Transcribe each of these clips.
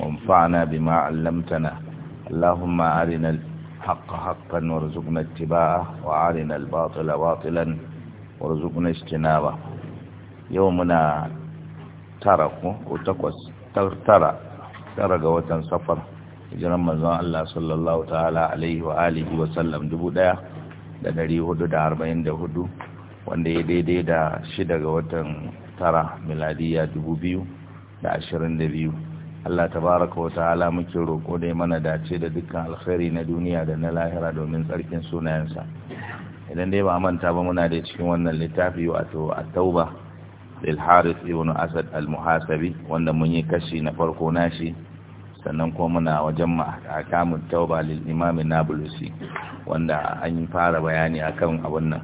وانفعنا بما علمتنا اللهم أرنا الحق حقا وارزقنا اتباعه وأرنا الباطل باطلا وارزقنا اجتنابه يومنا تركوا وتقوس ترى ترى قوة سفر hijiran manzon Allah sallallahu ta'ala alaihi wa alihi wa sallam hudu wanda ya daidai da shida ga watan tara miladiya biyu. Allah tabaraka wa ta'ala muke roƙo da mana dace da dukkan alkhairi na duniya da na lahira domin tsarkin sunayensa idan dai ba manta ba muna da cikin wannan littafi wato at-tauba lil harith ibn asad al muhasabi wanda mun yi kashi na farko nashi sannan kuma muna wajen ahkamut tauba lil imam nablusi wanda an yi fara bayani akan abun nan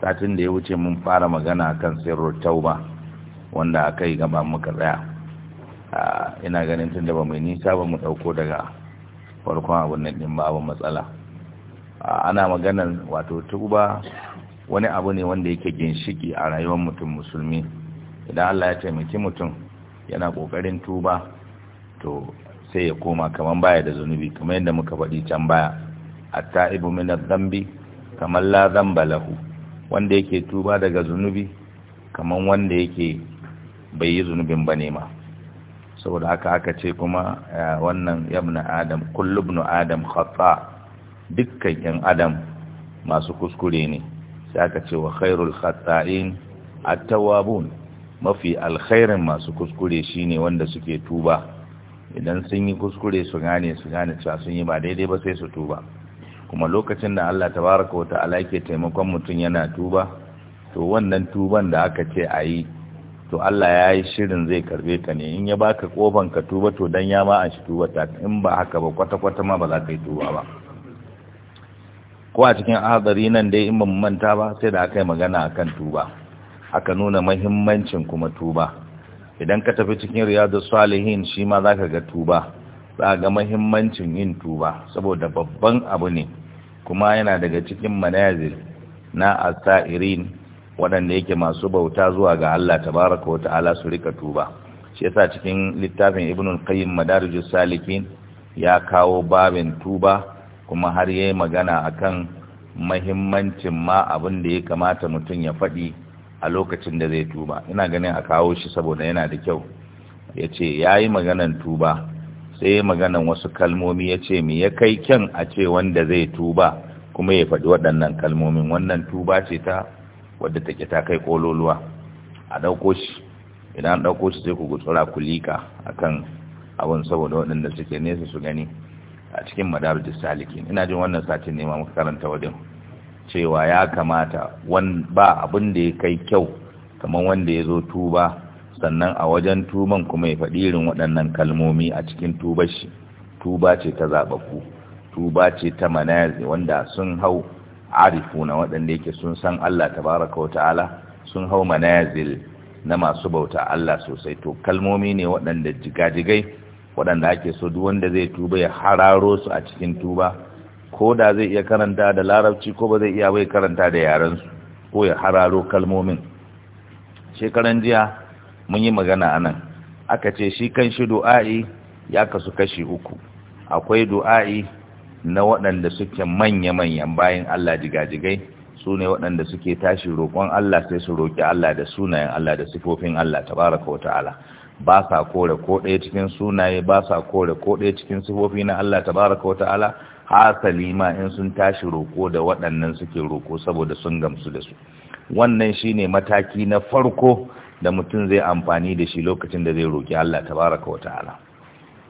satin da ya wuce mun fara magana akan sirrul tauba wanda akai gaba muka tsaya ina ganin tun da ba mai nisa ba mu ɗauko daga farkon abun nan ɗin ba matsala ana maganar wato tuba wani abu ne wanda yake ginshiki a rayuwar mutum musulmi idan Allah ya taimaki mutum yana ƙoƙarin tuba to sai ya koma kamar baya da zunubi kamar yadda muka faɗi can baya a ta'ibu minar zambi kamar la zamba lahu wanda yake tuba daga zunubi kamar wanda yake bai yi zunubin ba ne ma saboda haka aka ce kuma eh, wannan yamna adam kullubnu adam khata dukkan yan adam masu kuskure ne sai aka ce wa khairul khata'in at-tawwabun mafi alkhairin masu kuskure shine wanda suke tuba idan sun yi kuskure su gane su gane cewa sun yi ba daidai ba sai su tuba kuma lokacin da Allah tabaraka wa ta'ala yake taimakon mutum yana tuba to wannan tuban da aka ce ayi to Allah ya yi shirin zai karbe ka ne in ya baka kofan ka tuba to dan ya ma an shi tuba ta in ba haka ba kwata-kwata ma ba za ka yi tuba ba ko a cikin hadari nan dai in ba mu manta ba sai da aka yi magana akan tuba aka nuna mahimmancin kuma tuba idan ka tafi cikin riyadu salihin shi ma za ka ga tuba za ga mahimmancin yin tuba saboda babban abu ne kuma yana daga cikin manazil na asairin waɗanda yake masu bauta zuwa ga Allah tabaraka wa ta'ala su rika tuba shi yasa cikin littafin Ibn al-Qayyim Madarijus Salikin ya kawo babin tuba kuma har yayi magana akan mahimmancin ma abin da ya kamata mutum ya faɗi a lokacin da zai tuba ina ganin a kawo shi saboda yana da kyau yace yayi maganan tuba sai maganan wasu kalmomi yace me ya kai kyan a ce wanda zai tuba kuma ya faɗi waɗannan kalmomin wannan tuba ce ta wadda take ta kai kololuwa a ɗauko shi idan an ɗauko shi sai ku gutsura ku liƙa akan abin saboda waɗanda suke nesa su gani a cikin madarajin salikin ina jin wannan satin nema muka karanta wajen cewa ya kamata ba abin da ya kai kyau kamar wanda ya zo tuba sannan a wajen tuban kuma ya faɗi irin waɗannan kalmomi a cikin tubashi shi tuba ce ta zaɓaku tuba ce ta manazi wanda sun hau arifuna waɗanda yake sun san Allah tabaraka wa ta'ala sun hau manazil na masu bauta Allah sosai to kalmomi ne waɗanda jigajigai waɗanda ake so duk wanda zai tuba ya hararo su a cikin tuba ko da zai iya karanta da larabci ko ba zai iya bai karanta da yarensu ko ya hararo kalmomin shekaran jiya mun yi magana anan aka ce shi kan shi du'a'i ya kasu kashi uku akwai du'a'i na waɗanda suke manya-manyan bayan Allah jigajigai su ne waɗanda suke tashi roƙon Allah sai su roƙi Allah da sunayen Allah da sifofin Allah tabaraka wa ta'ala ba sa kore ko ɗaya cikin sunaye ba sa kore ko ɗaya cikin sifofi na Allah tabaraka wa ta'ala hasali ma in sun tashi roƙo da waɗannan suke roƙo saboda sun gamsu da su wannan shine mataki na farko da mutum zai amfani da shi lokacin da zai roƙi Allah tabaraka wa ta'ala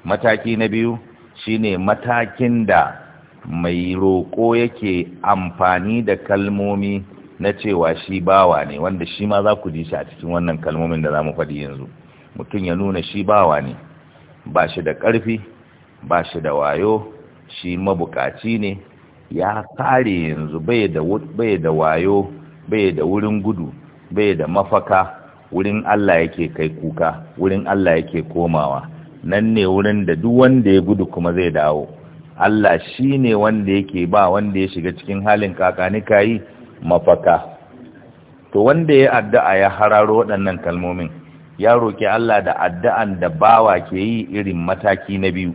mataki na biyu shine matakin da mai roƙo yake amfani da kalmomi na cewa shi bawa ne wanda shi ma za ku ji shi a cikin wannan kalmomin da za mu faɗi yanzu mutum ya nuna shi bawa ne ba shi da ƙarfi ba shi da wayo shi mabukaci ne ya kare yanzu bai da wayo bai da wurin gudu bai da mafaka wurin Allah yake kai kuka wurin Allah yake komawa nan ne wurin da duk wanda ya gudu kuma zai dawo Allah shi ne wanda yake ba wanda ya shiga cikin halin kakani kayi mafaka to wanda ya addu'a ya hararo waɗannan kalmomin ya roƙi Allah da addu'an da bawa ke yi irin mataki na biyu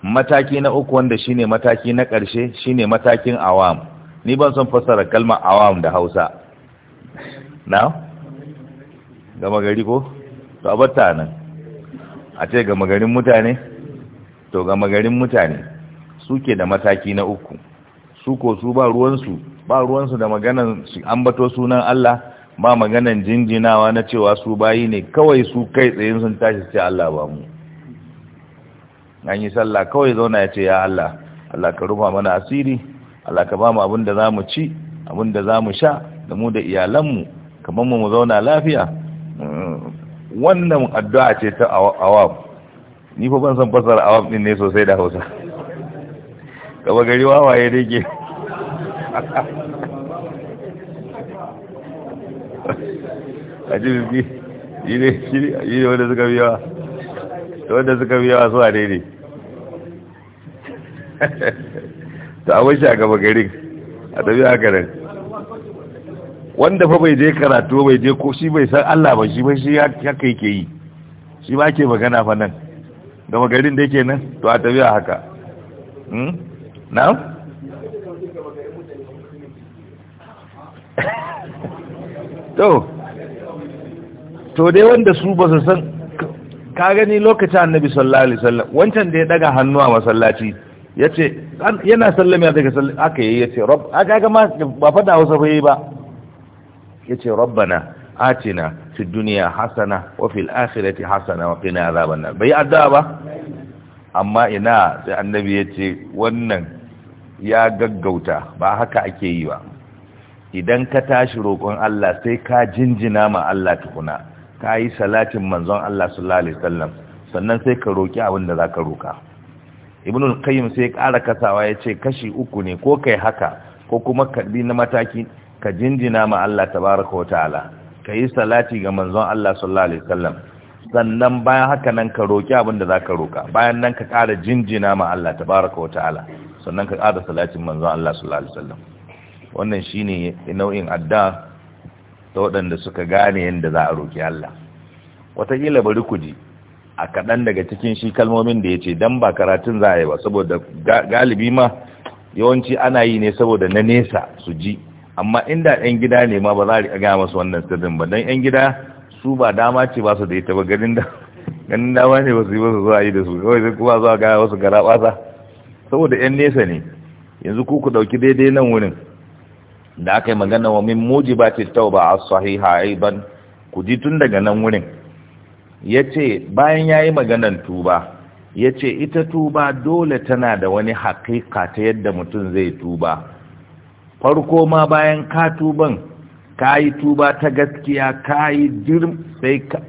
mataki na uku wanda shi ne mataki na ƙarshe shi ne matakin awam ni ban son fassara kalmar awam da Hausa na gama gari ko to abata nan a ce gama garin mutane to ga magarin mutane suke da mataki na uku su ko su ba ruwansu ba ruwansu da maganan ambato sunan Allah ba maganan jinjinawa na cewa su bayi ne kawai su kai tsayin sun tashi ce Allah ba mu an yi sallah kawai zauna ya ce ya Allah Allah ka rufa mana asiri Allah ka ba mu abin da za ci abin da za sha da mu da iyalanmu kamar mu mu zauna lafiya mm. wannan addu'a ce ta awab ni ko ban san fasar awam din ne sosai da hausa kaba gari wawaye da ke a jirgi yi ne wanda suka biyawa wanda suka biyawa su a daidai ta abin a gaba garin a tafi a garin wanda fa bai je karatu bai je ko shi bai san Allah ba shi ba shi haka yake yi shi ba ke magana fa nan gama garin da yake nan to a tafiya haka hmm? na? to to dai wanda su ba su san ka gani lokacin annabi sallallahu alaihi wasallam wancan da ya daga hannu a masallaci yace yana sallami a daga sallami aka yi yace rabb aka ga ma ba fada wasa fa yi ba yace rabbana atina fi duniya hasana wa fil akhirati hasana wa qina azaban nar bai addu'a ba amma ina sai annabi ya ce wannan ya gaggauta ba haka ake yi ba idan ka tashi roƙon Allah sai ka jinjina ma Allah tukuna ka yi salatin manzon Allah sallallahu alaihi wasallam sannan sai ka roki abin da zaka roka. ibnu al-qayyim sai ya ƙara kasawa ya ce kashi uku ne ko kai haka ko kuma ka na mataki ka jinjina ma Allah tabaraka wa ta'ala ka yi salati ga manzon Allah sallallahu alaihi wasallam sannan bayan haka nan ka roki abin da zaka roka bayan nan ka kara jinjina ma Allah tabaaraka wa ta'ala sannan ka ƙara salatin manzon Allah sallallahu alaihi wasallam wannan shine nau'in adda ta waɗanda suka gane yanda za a roki Allah wataƙila bari ku ji a kaɗan daga cikin shi kalmomin da ya ce don ba karatun za a yi ba saboda galibi ma yawanci ana yi ne saboda na nesa su ji amma inda yan gida ne ma ba za a gaya masu wannan sirrin ba don yan gida su ba dama ce ba su da ita ba ganin da ganin dama ne ba su yi masu zuwa yi da su kawai sai kuma zuwa gaya wasu gara basa saboda yan nesa ne yanzu ku ku ɗauki daidai nan wurin da aka yi magana wa min ba tauba as-sahiha ban ku ji tun daga nan wurin ya ce bayan ya yi maganan tuba ya ce ita tuba dole tana da wani haƙiƙa ta yadda mutum zai tuba farko ma bayan ka tuban ka yi tuba ta gaskiya ka yi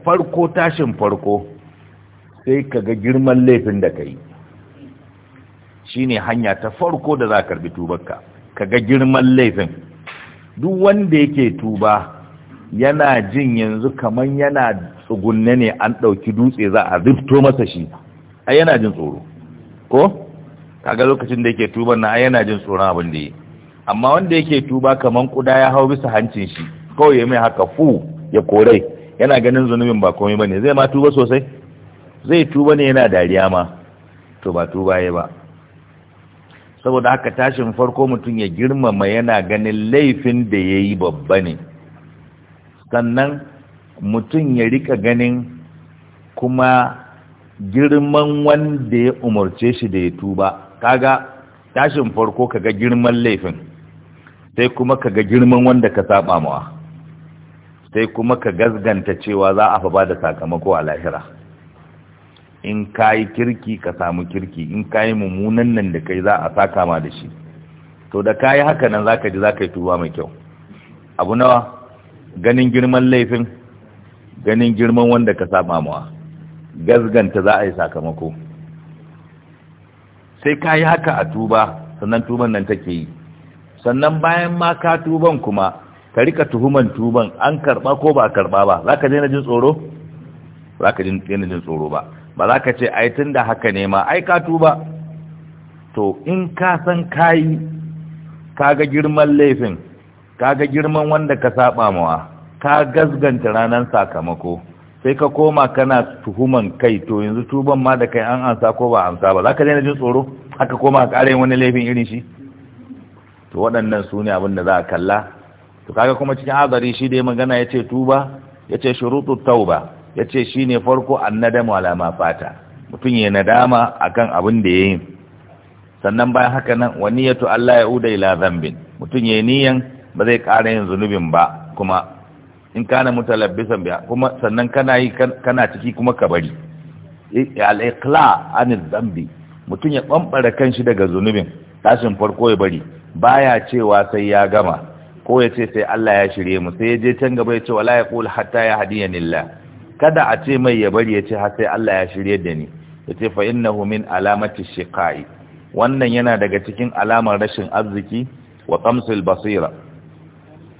farko tashin farko sai ka ga girman laifin da ka yi shi ne hanya ta farko da za ka karbi tubarka ka ga girman laifin duk wanda yake tuba yana jin yanzu kamar yana tsugunne ne an ɗauki dutse za a zifto masa shi a yana jin tsoro ko kaga lokacin da yake tuban na a yana jin tsoron abin da yi amma wanda yake tuba kaman kuda ya hau bisa hancin shi kawai ya mai haka fu ya korai yana ganin zunubin ba komai bane zai ma tuba sosai zai tuba ne yana dariya ma to ba tuba ya ba saboda haka tashin farko mutum ya girmama yana ganin laifin da ya yi babba ne sannan mutum ya rika ganin kuma girman wanda ya umarce shi da ya tuba kaga tashin farko kaga girman laifin sai kuma ka ga girman wanda ka saba mawa sai kuma ka gazganta cewa za a fa bada da sakamako a lahira in ka yi kirki ka samu kirki in ka yi mummunan nan da kai za a saka ma da shi to da ka yi haka nan za ka ji za yi tuba mai kyau abu nawa ganin girman laifin ganin girman wanda ka saba mawa gazganta za a yi sakamako sai ka yi haka a tuba sannan tuban nan take yi sannan bayan ma ka tuban kuma ka rika tuhuman tuban an karba ko ba karba ba za ka daina jin tsoro za ka daina jin tsoro ba ba za ka ce ai tun da haka ne ma ai ka tuba to in ka san kayi ga girman laifin ka ga girman wanda ka saba mawa ka gasganta ranar sakamako sai ka koma kana tuhuman kai to yanzu tuban ma da kai an ansa ko ba ansa ba za ka daina jin tsoro haka koma ka ƙara wani laifin irin shi to waɗannan su ne abin da za a kalla to kaga kuma cikin azari shi dai magana ya ce tuba ya ce shuruɗu tauba ya ce shi ne farko an nadama alama fata mutum ya nadama a kan abin da ya yi sannan bayan haka nan wani ya Allah ya uda ila zambin mutum ya yi niyan ba zai ƙara yin zunubin ba kuma in kana mutalabbisan biya kuma sannan kana yi kana ciki kuma ka bari al-iqla an zambi mutum ya bambara kanshi daga zunubin tashin farko ya bari baya cewa sai ya gama ko ya ce sai Allah ya shirye mu sai ya je can gaba ya ce wala ya kula hatta ya hadiyanillah kada a ce mai ya bari ya ce har sai Allah ya shirye da ni ya ce fa innahu min alamati shiqai wannan yana daga cikin alamar rashin arziki wa qamsul basira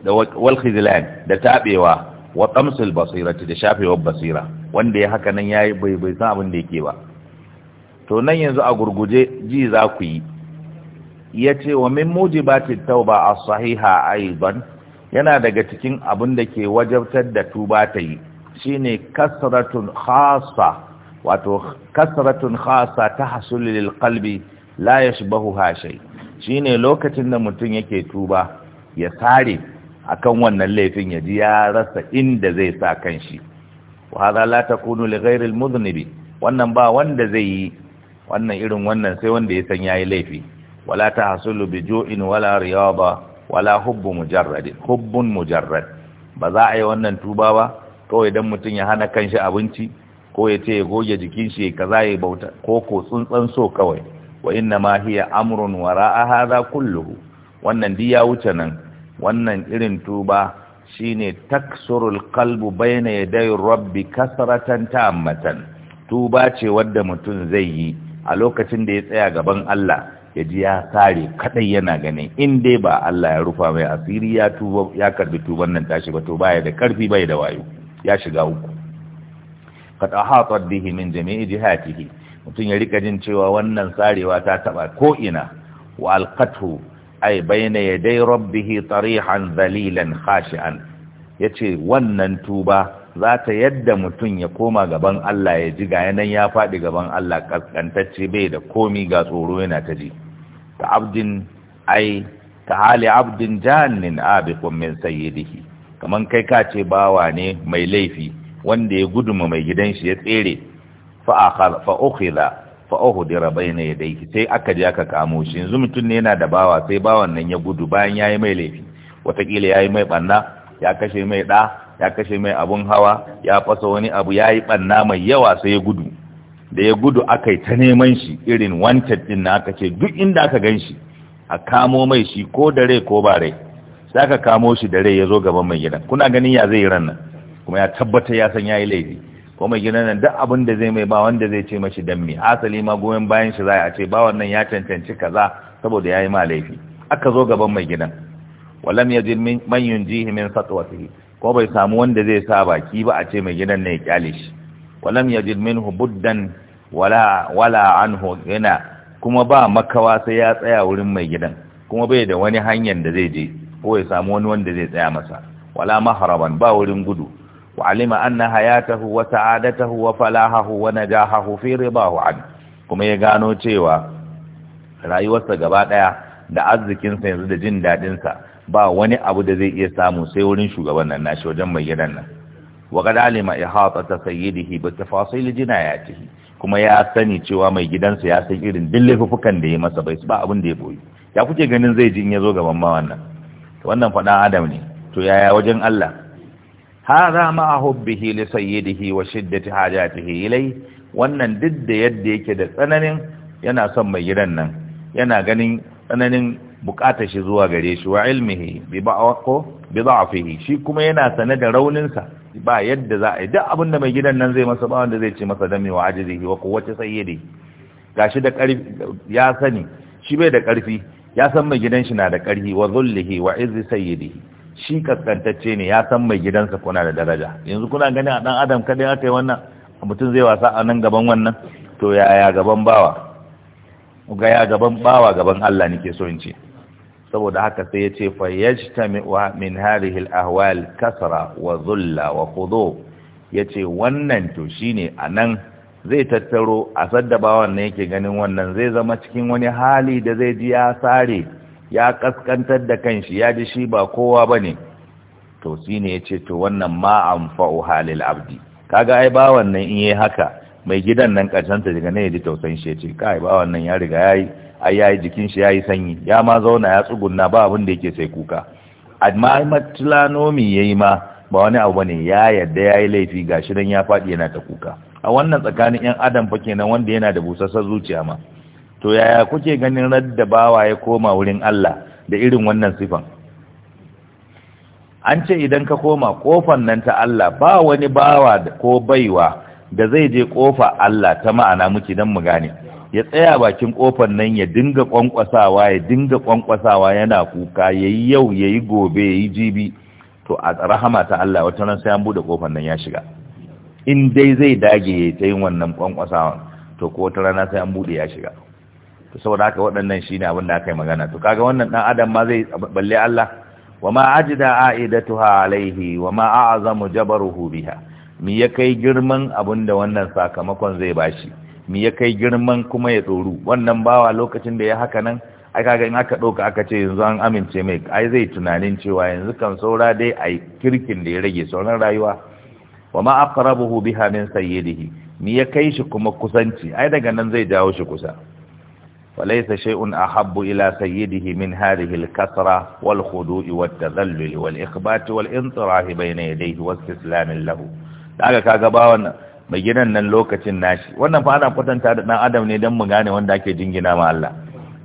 da wal khizlan da tabewa wa qamsul basira da shafewar basira wanda ya haka nan yayi bai bai san abin da yake ba to nan yanzu a gurguje ji za ku yi ya ce wa min mujibatit tauba a sahiha aidan yana daga cikin abin da ke wajabtar da tuba ta yi shine kasratun khassa wato ta hasulu kalbi. qalbi la hashe, shi shine lokacin da mutum yake tuba ya sare akan wannan laifin ya ji ya rasa inda zai sa kanshi wa hadha la takunu li ghayri wannan ba wanda zai yi wannan irin wannan sai wanda ya san yayi laifi wala tahsulu bi ju'in wala riyaba wala hubbu mujarradin hubbun mujarrad ba za a yi wannan tuba ba kawai dan mutum ya hana kan shi abinci ko ya ce ya goge jikin shi kaza ya bauta ko ko tsuntsan so kawai wa inna ma hiya amrun wara'a hadha kulluhu wannan di ya wuce nan wannan irin tuba shine taksurul qalbu bayna yaday rabbi kasratan tammatan tuba ce wanda mutum zai yi a lokacin da ya tsaya gaban Allah ya ji ya sare kadai yana ganin in dai ba Allah ya rufa mai asiri ya tuba ya karbi tuban nan tashi ba to baya da karfi bai da wayo ya shiga uku qad ahata bihi min jami'i jihatihi mutun ya rika jin cewa wannan sarewa ta taba ko ina wa alqatu ay bayna yaday rabbih tarihan dhalilan khashi'an yace wannan tuba za ta yadda mutum ya koma gaban Allah ya ji ga yana ya faɗi gaban Allah kaskantacce bai da komi ga tsoro yana ta ji. abdin ai ka hali abdin janin abikun min sayyidihi kaman kai ka ce bawa ne mai laifi wanda ya guduma mai gidan shi ya tsere fa'ukhila fa'uhudira bayna yadayhi sai aka je aka kamo shi yanzu mutum ne yana da bawa sai bawan nan ya gudu bayan yayi mai laifi watakila yi mai banna ya kashe mai ɗa, ya kashe mai abun hawa ya fasa wani abu yayi banna mai yawa sai ya gudu da ya gudu aka yi ta neman shi irin wanted din na aka ce duk inda aka gan shi a kamo mai shi ko da rai ko ba rai sai aka kamo shi da rai ya zo gaban mai gidan kuna ganin ya zai ran nan kuma ya tabbata ya san ya yi laifi ko mai gidan nan duk abin da zai mai ba wanda zai ce mashi dan me asali ma goyon bayan shi za a ce ba wannan ya cancanci kaza saboda ya yi ma laifi aka zo gaban mai gidan walam yajid man yunjihi min satwatihi ko bai samu wanda zai sa baki ba a ce mai gidan ne ya kyale shi walam ya jirmin buddan wala an anhu kuma ba makawa sai ya tsaya wurin mai gidan kuma bai da wani hanyar da zai je ko ya samu wani wanda zai tsaya masa wala maharaban ba wurin gudu wa alima anna hayatahu wa sa'adatahu wa falahahu wa najahahu fi ridahu an kuma ya gano cewa rayuwarsa gaba daya da arzikinsa yanzu da jin dadin ba wani abu da zai iya samu sai wurin shugaban nan nashi wajen mai gidan nan wa qad alima ihata sayyidihi bi tafasil jinayatihi kuma ya sani cewa mai gidansa ya san irin duk da ya masa bai ba abin da ya boye ya kuke ganin zai ji in zo gaban ma wannan to wannan faɗan adam ne to yaya wajen Allah hadha ma hubbihi li sayyidihi wa shiddati hajatihi ilai wannan duk da yadda yake da tsananin yana son mai gidan nan yana ganin tsananin bukatar shi zuwa gare shi wa ilmihi bi ba'aqo bi da'fihi shi kuma yana sane da raunin sa ba yadda za a yi duk abinda mai gidan nan zai masa ba wanda zai ce masa dami wa ajizihi wa quwwati sayyidi gashi da karfi ya sani shi bai da karfi ya san mai gidan shi na da karfi wa dhullihi wa izzi sayyidihi shi kaskantacce ne ya san mai gidansa kuna da daraja yanzu kuna gani a dan adam kadai aka yi wannan mutum zai wasa a nan gaban wannan to yaya gaban bawa ga ya gaban bawa gaban Allah nake so in ce saboda haka sai ya ce fa yajtami'u min hadhihi al-ahwal kasra wa dhulla wa khudu yace wannan to shine nan zai tattaro a saddaba wannan yake ganin wannan zai zama cikin wani hali da zai ji ya sare ya kaskantar da kanshi ya ji shi ba kowa bane to shine yace to wannan ma anfa'u halil abdi kaga ai ba wannan in yayi haka mai gidan nan karshen ta daga ne ya ji tausayin shi yace kai ba wannan ya riga ya yi. ai yayi jikin shi yayi sanyi ya ma zauna ya tsugunna ba abin da yake sai kuka amma matulanomi yayi ma ba wani abu bane ya yadda yayi laifi gashi dan ya fadi yana ta kuka a wannan tsakanin yan adam fa kenan wanda yana da busassar zuciya ma to yaya kuke ganin radda bawa ya koma wurin Allah da irin wannan sifan an ce idan ka koma kofan nan ta Allah ba wani bawa ko baiwa da zai je kofa Allah ta ma'ana muke dan mu gane ya tsaya bakin kofar nan ya dinga kwankwasawa ya dinga kwankwasawa yana kuka yayi yau yayi gobe yi jibi to a rahama ta Allah wata ran sai an bude kofar nan ya shiga in dai zai dage yayi ta yin wannan kwankwasawa to ko wata rana sai an bude ya shiga to saboda haka waɗannan shine abin da aka yi magana to kaga wannan dan adam ma zai balle Allah wa ma ajda aidatuha alaihi wa ma a'zamu jabaruhu biha me ya kai girman abin wannan sakamakon zai bashi mi ya kai girman kuma ya tsoro wannan bawa lokacin da ya haka nan ai kaga in aka ɗauka aka ce yanzu an amince mai ai zai tunanin cewa yanzu kan saura dai ai kirkin da ya rage sauran rayuwa wa ma aqrabuhu biha min sayyidihi mi ya kai shi kuma kusanci ai daga nan zai jawo shi kusa walaysa shay'un ahabbu ila sayyidihi min hadhihi al-kasra wal khudu'i wat tadhallul wal ikhbat wal intirahi bayna yadayhi wa istislamin lahu daga kaga ba wannan mai gidan nan lokacin nashi wannan fa ana kwatanta da dan adam ne dan mu gane wanda ake jingina ma Allah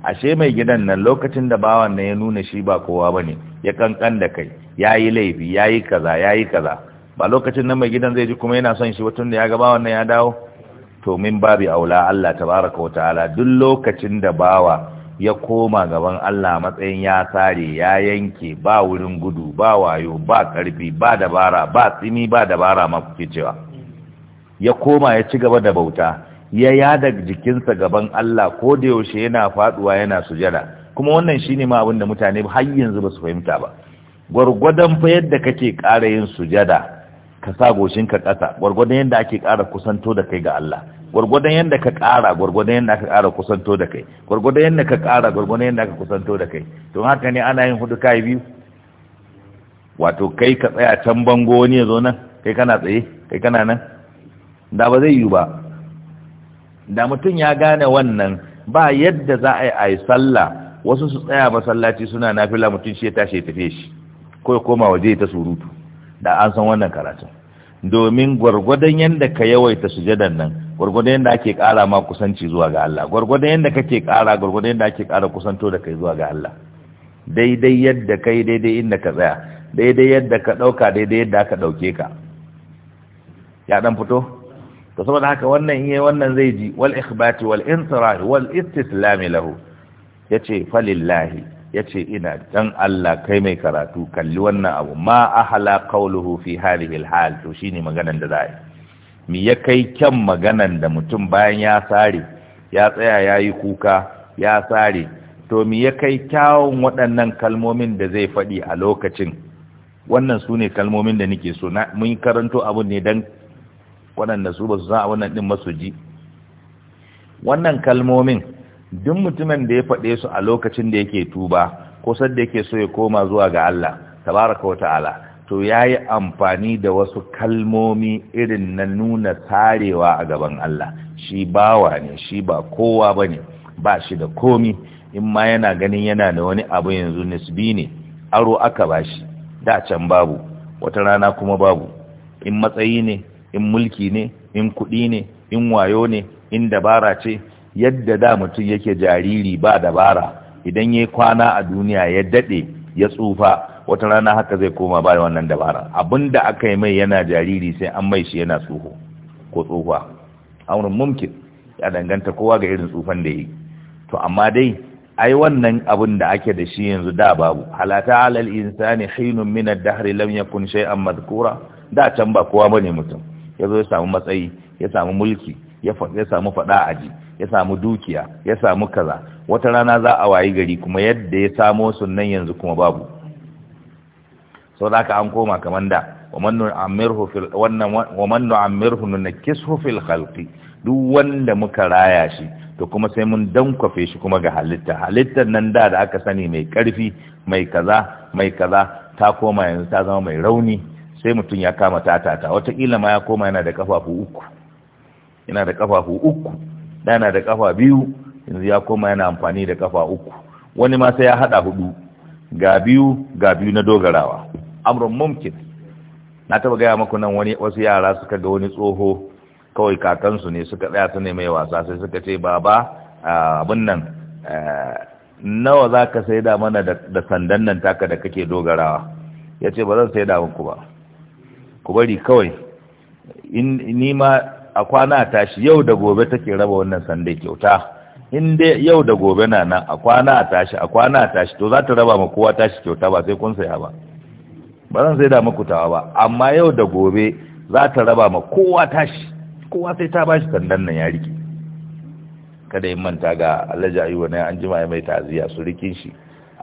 ashe mai gidan nan lokacin da bawan nan ya nuna shi ba kowa bane ya kankan da kai yayi laifi yayi kaza yayi kaza ba lokacin nan mai gidan zai ji kuma yana son shi wato da ya ga bawan nan ya dawo to min babi aula Allah tabaraka wa ta'ala duk lokacin da bawa ya koma gaban Allah matsayin ya sare ya yanke ba wurin gudu ba wayo ba karfi ba dabara ba tsimi ba dabara ma kuke cewa ya koma ya ci gaba da bauta ya yada jikinsa gaban Allah ko da yaushe yana faduwa yana sujada kuma wannan shine ma abin da mutane har yanzu ba su fahimta ba gwargwadon fa yadda kake ƙara yin sujada ka sa goshinka ƙasa gwargwadon yadda ake ƙara kusanto da kai ga Allah gwargwadon yadda ka ƙara gwargwadon yadda aka ƙara kusanto da kai gwargwadon yadda ka ƙara gwargwadon yadda aka kusanto da kai to haka ne ana yin hudu kai biyu wato kai ka tsaya can bango wani ya zo nan kai kana tsaye kai kana nan da ba zai yi ba da mutum ya gane wannan ba yadda za a yi a sallah wasu su tsaya masallaci suna nafila mutum shi ya tashi ya tafe shi ko ya koma waje ta surutu da an san wannan karatun domin gwargwadon yadda ka yawaita sujadan nan gwargwadon yadda ake ƙara ma kusanci zuwa ga Allah gwargwadon yadda kake ƙara gwargwadon yadda ake ƙara kusanto da kai zuwa ga Allah daidai yadda kai daidai inda ka tsaya daidai yadda ka ɗauka daidai yadda aka ɗauke ka ya ɗan fito to saboda haka wannan yayi wannan zai ji wal ikhbati wal intirah wal istislam lahu yace falillahi yace ina dan Allah kai mai karatu kalli wannan abu ma ahla qawluhu fi hadhihi al hal to shine maganan da zai mi ya kai kyan maganan da mutum bayan ya sare ya tsaya yayi kuka ya sare to mi ya kai kyawun waɗannan kalmomin da zai faɗi a lokacin wannan su ne kalmomin da nake so mun karanto abun ne don waɗanda su ba su san abin nan ɗin masu ji wannan kalmomin duk mutumin da ya faɗe su a lokacin da yake tuba ko da yake so ya koma zuwa ga Allah tabaraka wa ta'ala to yayi amfani da wasu kalmomi irin na nuna tarewa a gaban Allah shi bawa ne shi ba kowa bane ba shi da komi in ma yana ganin yana da wani abu yanzu nisbi ne aro aka bashi da can babu wata rana kuma babu in matsayi ne in mulki ne in kuɗi ne in wayo ne in dabara ce yadda da mutum yake jariri ba dabara idan ya kwana a duniya ya daɗe ya tsufa wata rana haka zai koma ba wannan dabara da aka yi mai yana jariri sai an mai shi yana tsoho ko tsufa wurin mumkin ya danganta kowa ga irin tsufan da yi to amma dai ai wannan abin da ake da shi yanzu da babu halata alal insani hinun min ad-dahr lam yakun shay'an madhkura da can ba kowa bane mutum ya zo ya samu matsayi ya samu mulki ya samu faɗa aji ya samu dukiya ya samu kaza wata rana za a wayi gari kuma yadda ya samo sunan yanzu kuma babu sau da aka an koma kamar da waman nu'ammirhu na fil khalqi duk wanda muka raya shi to kuma sai mun dankwafe shi kuma ga halitta halittar nan da da aka sani mai karfi mai kaza mai kaza ta koma yanzu ta zama mai rauni sai mutum ya kama tatata Wataƙila ma ya koma yana da kafafu uku yana da kafafu uku yana da kafa biyu yanzu ya koma yana amfani da kafa uku wani ma sai ya haɗa hudu ga biyu ga biyu na dogarawa Amurin mumkin na taba gaya maku nan wani wasu yara suka ga wani tsoho kawai kakansu ne suka tsaya su ne mai wasa sai suka ce baba abin nan nawa za ka sai da mana da sandan nan taka da kake dogarawa ya ce ba zan sai da muku ba ku bari kawai ni ma a kwana tashi yau da gobe take raba wannan sanda kyauta in dai yau da gobe na nan a kwana a tashi a kwana a tashi to za ta raba ma kowa tashi kyauta ba sai kun saya ba ba zan sai da muku tawa ba amma yau da gobe za ta raba ma kowa tashi kowa sai ta bashi sandan nan ya rike kada in manta ga alhaji ayuwa wani an jima ya mai taziya su rikin shi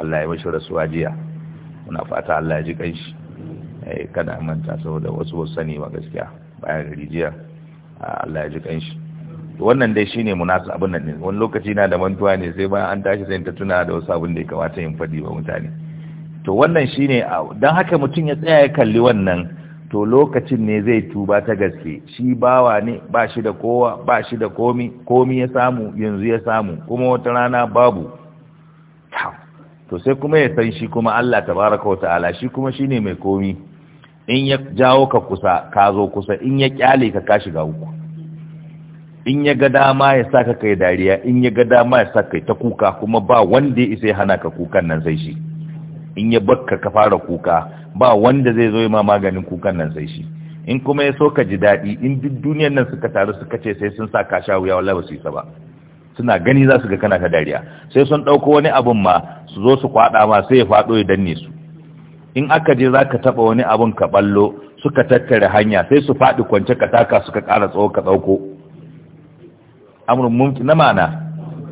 Allah ya mashi rasuwa jiya muna fata Allah ya ji kanshi Eh, kada manta saboda wasu wasu sani ba gaskiya bayan rijiya Allah ya ji kanshi wannan dai shine munasa abin nan ne wani lokaci na da mantuwa ne sai bayan an tashi sai ta tuna da wasu abin da ya kamata yin fadi ba mutane to wannan shine dan haka mutum ya tsaya ya kalli wannan to lokacin ne zai tuba ta gaske shi bawa ne ba shi da kowa ba shi da komi komi ya samu yanzu ya samu kuma wata rana babu to sai kuma ya san shi kuma Allah tabaraka wa ta'ala shi kuma shine mai komi in ya jawo ka kusa ka zo kusa in ya kyale ka ka shiga uku in ya ga dama ya sa ka kai dariya in ya ga dama ya sa kai ta kuka kuma ba wanda ya isa ya hana ka kukan nan sai shi in ya bakka ka fara kuka ba wanda zai zo ma maganin kukan nan sai shi in kuma ya so ka ji daɗi in duk duniyar nan suka taru suka ce sai sun sa ka sha wuya wallahi ba su isa ba suna gani za su ga kana ka dariya sai sun ɗauko wani abun ma su zo su kwaɗa ma sai ya faɗo ya danne su in aka je za ka taɓa wani abun ka ɓallo suka tattare hanya sai su faɗi kwance ka taka suka ƙara tsawo ka ɗauko amurin mumki na mana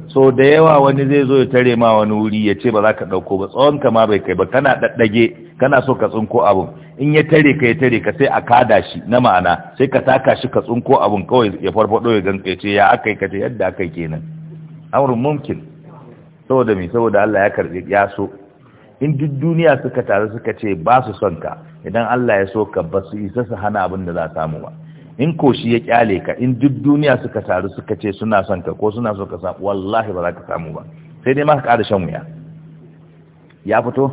so da yawa wani zai zo ya tare ma wani wuri ya ce ba za ka ɗauko ba tsawon ka ma bai kai ba kana ɗaɗɗage kana so ka tsinko abun in ya tare ka ya tare ka sai a kada shi na ma'ana sai ka taka shi ka tsinko abun kawai ya farfado ya ganka ya ce ya aka yi ka ce yadda aka yi kenan amurin mumkin saboda mai saboda Allah ya karɓi ya so in duk duniya suka taru suka ce ba su son ka idan Allah ya so ka ba su isa su hana abin da za samu ba in ko shi ya kyale ka in duk duniya suka taru suka ce suna son ka ko suna so ka samu wallahi ba za ka samu ba sai dai ma ka ƙara shan wuya ya fito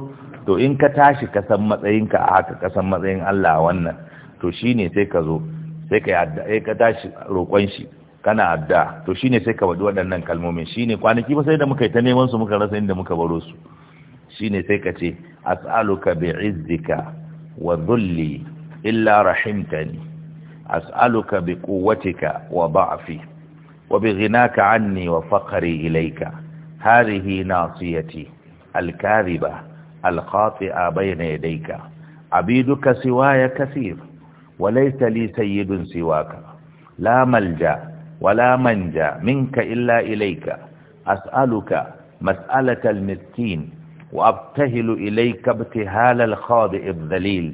to in ka tashi ka san matsayinka a haka ka san matsayin Allah wannan to shine sai ka zo sai ka yadda sai eh, ka tashi roƙon shi kana adda to shine sai ka wadi waɗannan kalmomin shine kwanaki ba sai da muka yi ta neman su muka rasa inda muka baro su shine sai ka ce as'aluka bi'izzika wa dhulli illa rahimtani as'aluka biquwwatika wa da'fi wa bighinaka 'anni wa faqri ilayka hadhihi nasiyati al-kadhiba al-khati'a bayna yadayka abiduka siwaya kaseer wa laysa li sayyidun siwaka la malja wa la manja minka illa ilayka as'aluka mas'alatal miskin وأبتهل إليك ابتهال الخاضئ الذليل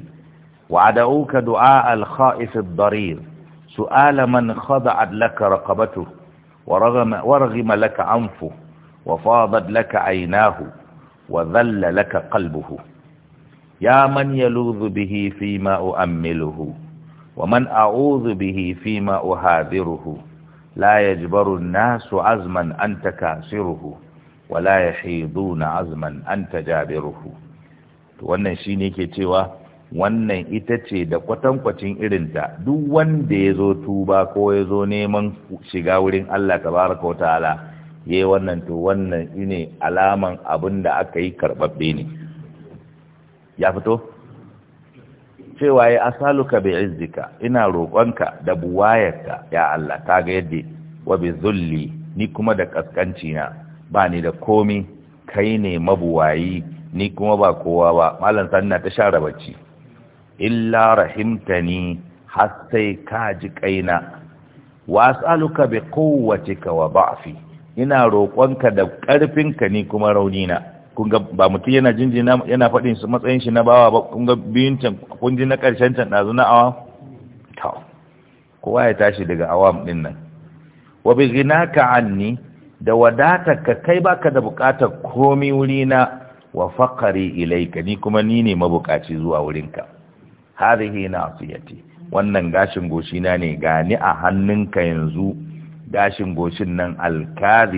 وعدوك دعاء الخائف الضرير سؤال من خضعت لك رقبته ورغم, ورغم لك عنفه وفاضت لك عيناه وذل لك قلبه يا من يلوذ به فيما أؤمله ومن أعوذ به فيما أهاذره لا يجبر الناس عزما أنت كاسره wala ya na azman an tajabiruhu to wannan shine ke cewa wannan ita ce da kwatankwacin irin ta duk wanda ya zo tuba ko ya zo neman shiga wurin Allah tabaraka wa ta'ala ya yi wannan to wannan ine alaman abin da aka yi karɓaɓɓe ne ya fito cewa ya asaluka bi izzika ina roƙonka da buwayarka ya Allah ta ga yadda wa bi zulli ni kuma da kaskanci na ba ni da komi kai ne mabuwayi ni kuma ba kowa ba malam sanna ta share bacci illa rahimtani har sai ka ji kaina was'aluka bi quwwatika wa ba'fi ina roƙonka da ƙarfinka ni kuma rauni na kun ga ba mutum yana jinjina yana faɗin su matsayin shi na bawa ba kun biyun can kun ji na ƙarshen can ɗazu na awam kowa ya tashi daga awam ɗin nan wa bi ghinaka anni da wadatar ka kai baka da bukatar komi na wa ilai ka ni kuma ni ne mabukaci zuwa wurinka na nasiyati wannan gashin goshi na ne gani a hannunka yanzu gashin goshin nan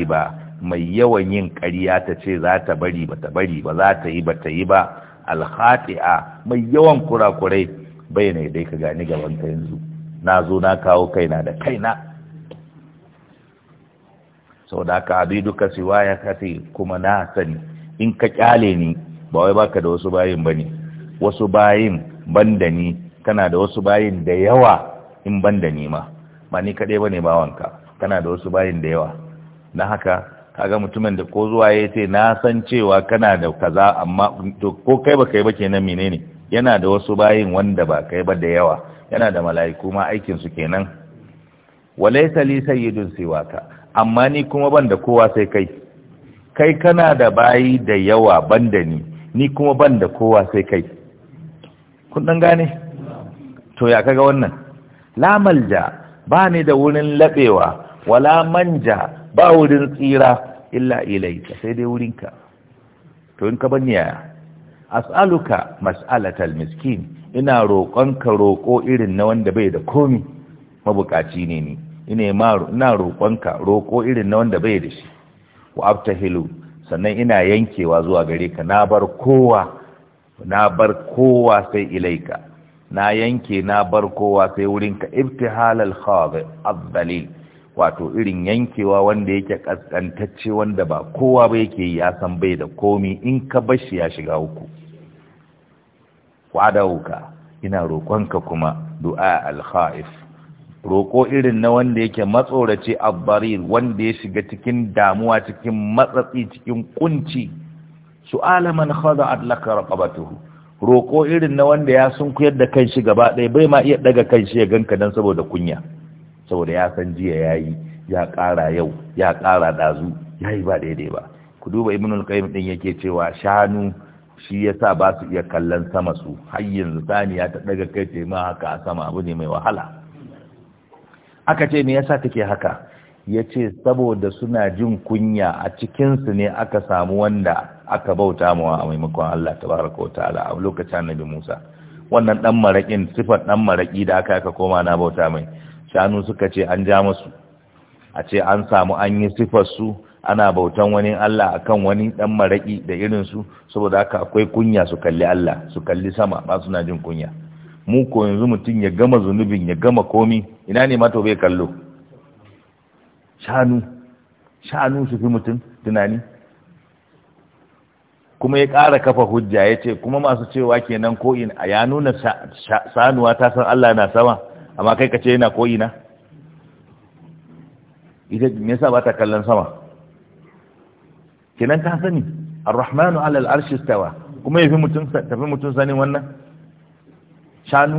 ba, mai yawan yin ƙarya ta ce za ta bari ba ta bari ba za ta yi ba ta yi ba alhati'a mai yawan kurakurai bai ne dai ka gani gaban ka yanzu na zo na kawo kaina da kaina sau da aka siwa ya kasi kuma na sani in ka kyale ni ba wai baka da wasu bayin ba ne. wasu bayin ban da ni kana da wasu bayin da yawa in ban da ni ma ba ni kadai ne bawanka kana da wasu bayin da yawa na haka kaga mutumin da ko zuwa ya ce na san cewa kana da kaza amma to ko kai ba kai ba kenan menene yana da wasu bayin wanda ba kai ba da yawa yana da mala'iku ma aikin su kenan walaysa li sayyidun siwaka amma ni kuma ban da kowa sai kai kai kana da bayi da yawa ban da ni ni kuma ban da kowa sai kai kun dan gane to ya kaga wannan la malja ba ni da wurin labewa wala manja ba wurin tsira illa ilaika sai dai wurinka to in ka bani yaya as'aluka mas'alatal miskin ina roƙonka roƙo irin na wanda bai da komi mabukaci ne ni ina ma ina roƙonka roƙo irin na wanda bai da shi wa abtahilu sannan ina yankewa zuwa gare ka na bar kowa na bar kowa sai ilaika na yanke na bar kowa sai wurinka ibtihalal khadi adhalil wato irin yankewa wanda yake kaskantacce wanda ba kowa ba yake yi ya san bai da komi in ka bashi ya shiga uku wa'adauka ina roƙonka kuma du'a al-khaif roƙo irin na wanda yake matsorace abbarir wanda ya shiga cikin damuwa cikin matsatsi cikin kunci su'ala man khada'at laka raqabatuhu roƙo irin na wanda ya sun kuyar da kanshi gaba ɗaya bai ma iya daga kanshi ya ganka dan saboda kunya saboda ya san jiya yayi ya ƙara yau ya ƙara dazu yayi ba daidai ba ku duba ibnul qayyim din yake cewa shanu shi yasa ba su iya kallon sama su har yanzu saniya ta daga kai ce ma haka a sama abu ne mai wahala aka ce me yasa take haka ya ce saboda suna jin kunya a cikinsu ne aka samu wanda aka bauta mawa a maimakon Allah tabaraka wa ta'ala a lokacin annabi Musa wannan dan marakin sifar dan maraki da aka aka koma na bauta mai shanu suka ce an ja musu a ce an samu an yi sifar su ana bautan wani Allah akan wani dan maraki da irin su saboda haka akwai kunya su kalli Allah su kalli sama ba suna jin kunya mu ko yanzu mutum ya gama zunubin ya gama komi ina ne mato bai kallo shanu shanu su fi mutum tunani kuma ya ƙara kafa hujja ya ce kuma masu cewa kenan ko'ina a ya nuna sanuwa ta san Allah na sama amma kai ka ce yana ko'ina ita yasa ba ta kallon sama kenan ka sani ar-rahmanu al arshi istawa kuma ya fi mutum sanin wannan shanu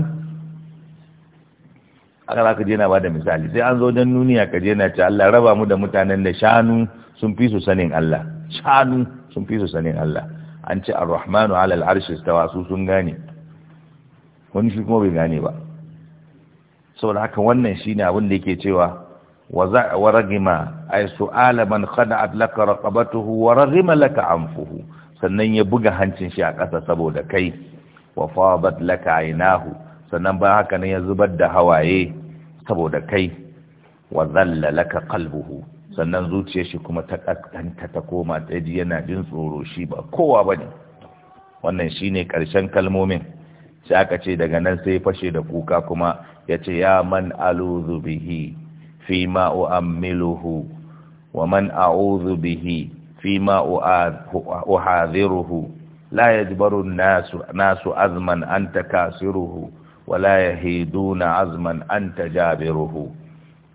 aka za ka je na ba da misali sai an zo don nuniya ka je na ce Allah raba mu da mutanen da shanu sun fi su sanin Allah shanu sun fi su sanin Allah an ce ar-rahmanu ala al-arshi ta wasu sun gane wani shi kuma bai gane ba saboda haka wannan shine abin da yake cewa wa za wa ragima ay su'ala man khada'at laka raqabatuhu wa ragima laka anfuhu sannan ya buga hancin shi a ƙasa saboda kai wa fadat laka aynahu sannan ba haka ne ya zubar da hawaye saboda kai wa zalla laka qalbuhu sannan zuciyar shi kuma ta kaskanta ta koma ta ji yana jin tsoro shi ba kowa ne. wannan shine karshen kalmomin shi aka ce daga nan sai fashe da kuka kuma ce ya man aluzu bihi fi ma uammiluhu wa man a'udhu bihi fi ma uhadhiruhu لا يجبر nasu ناس عزما an تكاسره wala يهيدون عزما an تجابره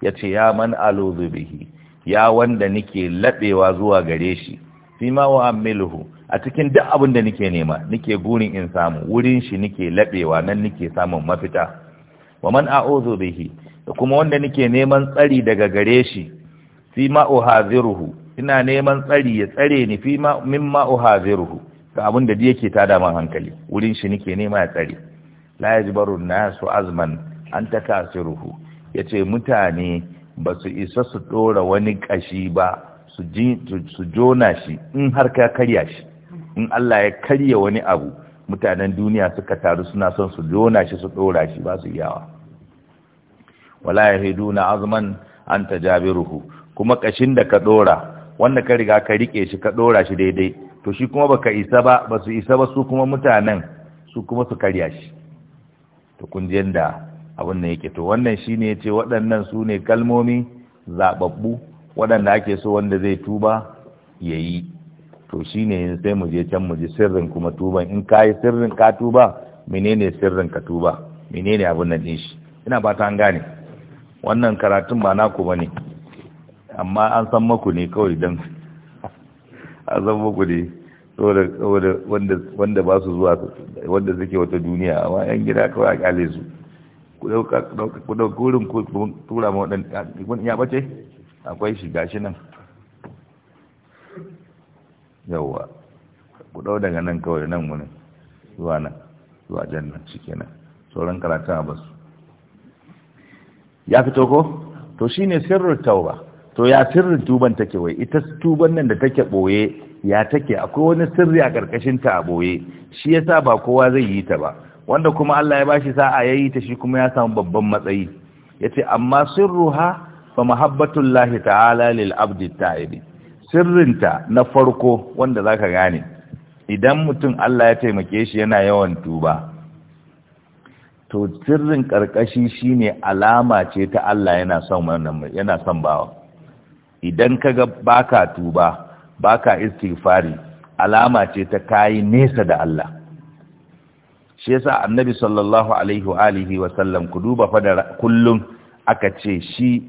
yace ya man aluzu bihi ya wanda nike labewa zuwa gare shi fima wa a cikin duk abin da nike nema nike gurin in samu wurin shi nike labewa nan nike samun mafita wa man a'udhu bihi da kuma wanda nike neman tsari daga gare shi fima uhaziruhu ina neman tsari ya tsare ni fima mimma uhaziruhu ga abin da yake tada man hankali wurin shi nake nema ya tsare la yajbaru nasu azman an takasiruhu yace mutane ba su isa su dora wani kashi ba su jona shi in har ka karya shi in Allah ya karya wani abu mutanen duniya suka taru suna son su jona shi su ɗora shi ba su iyawa wala yahiduna azman an ruhu. kuma kashin da ka ɗora. wanda ka riga ka rike shi ka ɗora shi daidai to shi kuma baka isa ba ba su isa ba su kuma mutanen su kuma su karya shi to kun ji yanda abin nan yake to wannan shine yace waɗannan su ne kalmomi zababbu waɗanda ake so wanda zai tuba yayi to shine sai mu je can mu ji sirrin kuma tuban in kai sirrin ka tuba menene sirrin ka tuba menene abin nan din shi ina ba ta an gane wannan karatun ba naku bane amma an san maku ne kawai dan a zan muku ne wanda ba su zuwa wanda suke wata duniya amma yan gida kawai a kyale su ku ɗauka gurin ku tura ma waɗanda ya bace akwai shi gashi nan yawwa ku ɗau daga nan kawai nan wani zuwa nan zuwa jan nan shi kenan sauran karatun a basu ya fito ko to shine sirrin tauba to ya sirrin tuban take wai ita tuban nan da take boye ya take akwai wani sirri a karkashin ta a boye shi yasa ba kowa zai yi ta ba wanda kuma Allah ya bashi sa'a ya yi ta shi kuma ya samu babban matsayi yace amma sirruha fa mahabbatullahi ta'ala lil abdi ta'ibi sirrinta na farko wanda zaka gane idan mutum Allah ya taimake shi yana yawan tuba to sirrin karkashi shine alama ce ta Allah yana son wannan yana son bawa idan kaga baka tuba baka istighfari alama ce ta kayi nesa da Allah shi yasa annabi sallallahu alaihi wa alihi wa sallam ku duba fa kullum aka ce shi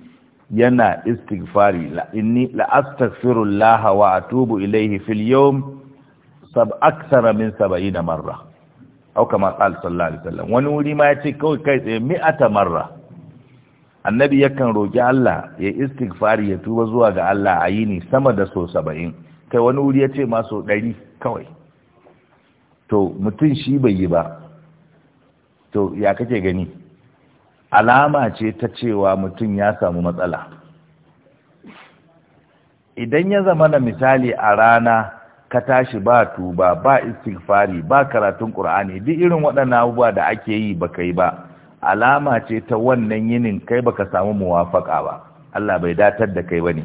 yana istighfari la inni la astaghfirullah wa atubu ilayhi fil yawm sab aksara min 70 marra au kama qala sallallahu alaihi wa sallam. wani wuri ma yace kawai kai tsaye mi'ata marra annabi yakan roƙi Allah ya istighfari ya tuba zuwa ga Allah a yini sama da so saba'in kai wani wuri ya ce maso ɗari kawai to mutum shi bai yi ba to ya kake gani alama ce ta cewa mutum ya samu matsala idan ya zama na misali a rana ka tashi ba tuba ba istighfari ba karatun ƙur'ani duk irin waɗannan abubuwa da ake yi ba kai ba alama ce ta wannan yinin kai baka samu muwafaka ba Allah bai datar da kai bane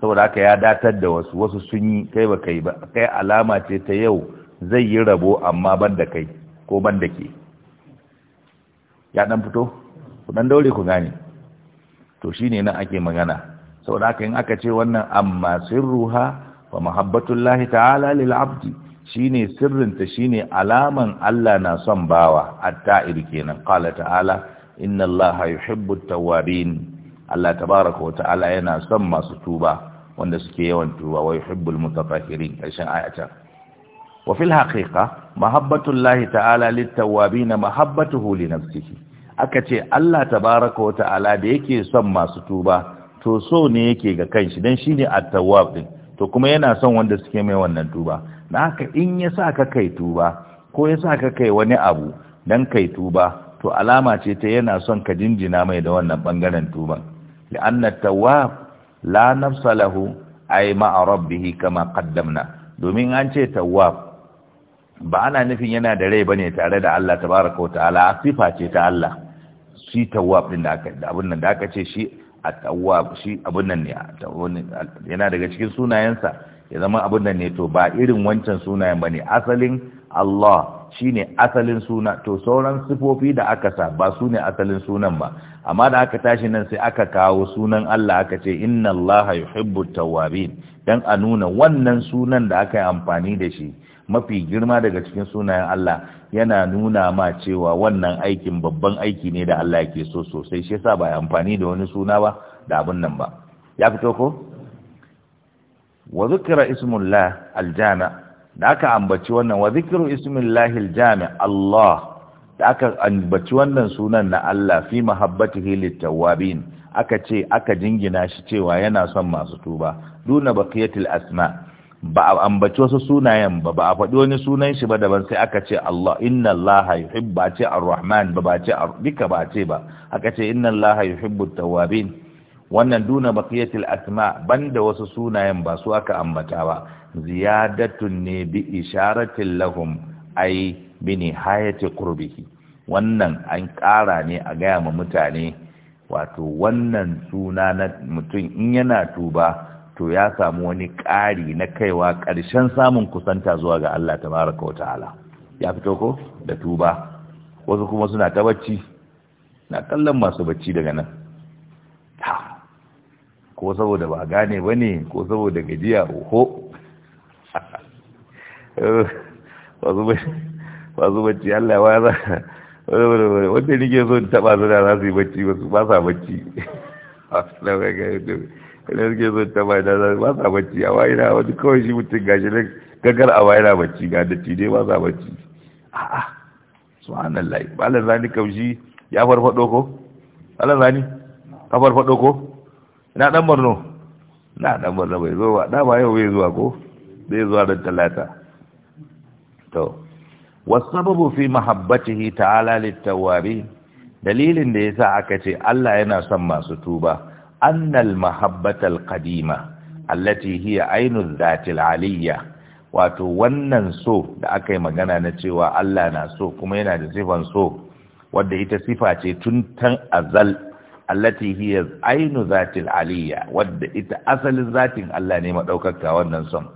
saboda haka ya datar da wasu wasu sun yi kai baka yi ba kai alama ce ta yau zai yi rabo amma ban da kai ko ban da ke ya dan fito ku dan daure ku gane to shine nan ake magana saboda haka in aka ce wannan amma sirruha wa mahabbatullahi ta'ala lil abdi shine sirrinta shine alaman Allah na son bawa at-ta'ir kenan qala ta'ala inna allaha yuhibbu at-tawwabin Allah tabaaraka wa ta'ala yana son masu tuba wanda suke yawan tuba wa yuhibbul mutatahhirin karshen ayata wa fil haqiqa mahabbatullahi ta'ala lit-tawwabin mahabbatuhu li nafsihi aka ce Allah tabaaraka wa ta'ala da yake son masu tuba to so ne yake ga kanshi dan shine at-tawwab din to kuma yana son wanda suke mai wannan tuba da haka in ya sa ka kai tuba ko ya sa ka kai wani abu don kai tuba to alama ce ta yana son ka jinjina mai da wannan ɓangaren tuban li'anna tawwab la nafsa lahu ay ma'a bihi kama qaddamna domin an ce tawwab ba ana nufin yana da rai ba ne tare da Allah tabaraka wa ta'ala sifa ce ta Allah shi tawwab din da aka nan da aka ce shi at-tawwab shi abun nan ne yana daga cikin sunayensa ya zama abin nan ne to ba irin wancan sunayen ba ne asalin Allah shi ne asalin suna to sauran sifofi da aka sa ba su ne asalin sunan ba amma da aka tashi nan sai aka kawo sunan Allah aka ce inna Allah yuhibbu tawwabin don a nuna wannan sunan da aka yi amfani da shi mafi girma daga cikin sunayen Allah yana nuna ma cewa wannan aikin babban aiki ne da Allah yake so sosai shi yasa ba amfani da wani suna ba da abin nan ba ya fito ko wa zikra ismullah aljami da aka ambaci wannan wa zikru ismillahi aljami Allah da aka ambaci wannan sunan na Allah fi mahabbatihi littawabin aka ce aka jingina shi cewa yana son masu tuba duna baqiyatil asma ba a ambaci wasu sunayen ba ba a faɗi wani sunan shi ba daban sai aka ce Allah inna Allah yuhibbu ce ar-rahman ba ba ce duka ba ce ba aka ce inna Allah yuhibbu tawabin wannan duna baqiyatil asma banda wasu sunayen ba su aka ambata ba ziyadatun ne bi isharatin lahum ai bi nihayati qurbihi wannan an ƙara ne a gaya ma mutane wato wannan suna na mutum in yana tuba to ya samu wani ƙari na kaiwa ƙarshen samun kusanta zuwa ga Allah tabaaraka wa ta'ala ya fito ko da tuba wasu kuma suna ta bacci na kallon masu bacci daga nan ko saboda ba gane ba ne ko saboda gajiya oho su bacci Allah wa za wadda nike so ta ba su da za su yi bacci ba sa bacci wanda nike so in taba da su ba sa bacci a wayina wani kawai shi mutum gashi na gagar a wayina bacci ga da dai ba sa bacci a'a lai ba lalzani kamshi ya farfado ko Allah zani ka farfado ko ina dan borno na dan borno bai zo ba da ba yau bai zuwa ko zai zuwa da talata to sababu fi mahabbatihi ta'ala littawabi dalilin da yasa aka ce Allah yana son masu tuba annal mahabbatal qadima allati hiya ainu dhatil aliyya wato wannan so da aka yi magana na cewa Allah na so kuma yana da sifan so wadda ita sifa ce tun tan azal allati hiya ainu zatil aliyya wadda ita asalin zatin Allah ne madaukaka wannan son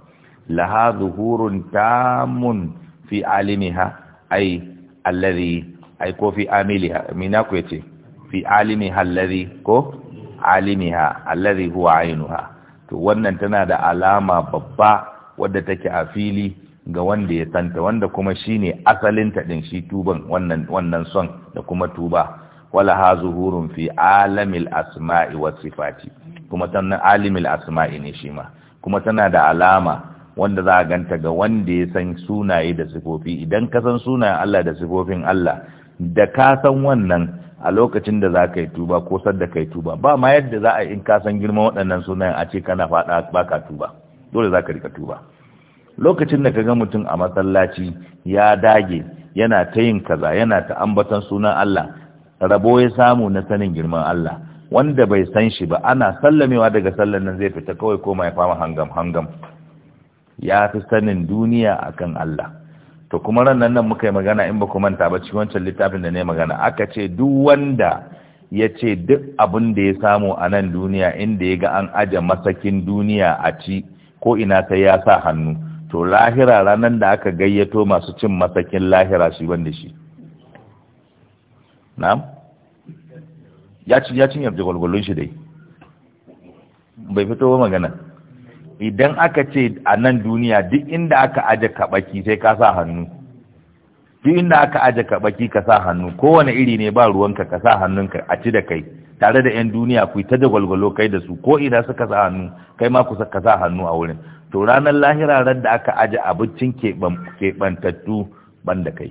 laha zuhurun tamun fi alimiha ai alladhi ai ko fi amiliha mina ku yace fi alimiha alladhi ko alimiha alladhi huwa ainuha to wannan tana da alama babba wadda take a fili ga wanda ya tanta, wanda kuma shine asalin ta din shi tuban wannan wannan son da kuma tuba wala ha zuhurun fi alamil asma'i wa sifati kuma tana alimil asma'i ne shi ma kuma tana da alama wanda za a ganta ga wanda ya san sunaye da sifofi idan ka san sunayen Allah da sifofin Allah da ka san wannan a lokacin da za ka yi tuba ko sadda ka yi tuba ba ma yadda za a in ka san girman waɗannan sunayen a ce kana faɗa ba ka tuba dole za ka rika tuba lokacin da ka ga mutum a masallaci ya dage yana ta yin kaza yana ta ambatan sunan Allah rabo ya samu na sanin girman Allah wanda bai san shi ba ana sallamewa daga sallan nan zai fita kawai koma ya fama hangam hangam ya fi sanin duniya akan Allah to kuma ran nan muka yi magana in ba ku manta ba cikin wancan littafin da ne magana aka ce duk wanda ya ce duk abin da ya samu a nan duniya inda ya ga an aje masakin duniya a ci ko ina sai ya sa hannu to lahira ranar da aka gayyato masu cin masakin lahira shi wanda shi na'am ya ci ya cinye jagwalgwalon shi dai bai fito ba magana idan aka ce a nan duniya duk inda aka aje kabaki sai ka sa hannu duk inda aka aje kabaki ka sa hannu kowane iri ne ba ruwanka ka sa hannunka a ci da kai tare da 'yan duniya ku ta gwalgwalo kai da su ko ina suka sa hannu kai ma kusa ka sa hannu a wurin to ranar lahira ran da aka aje abincin keɓantattu ban da kai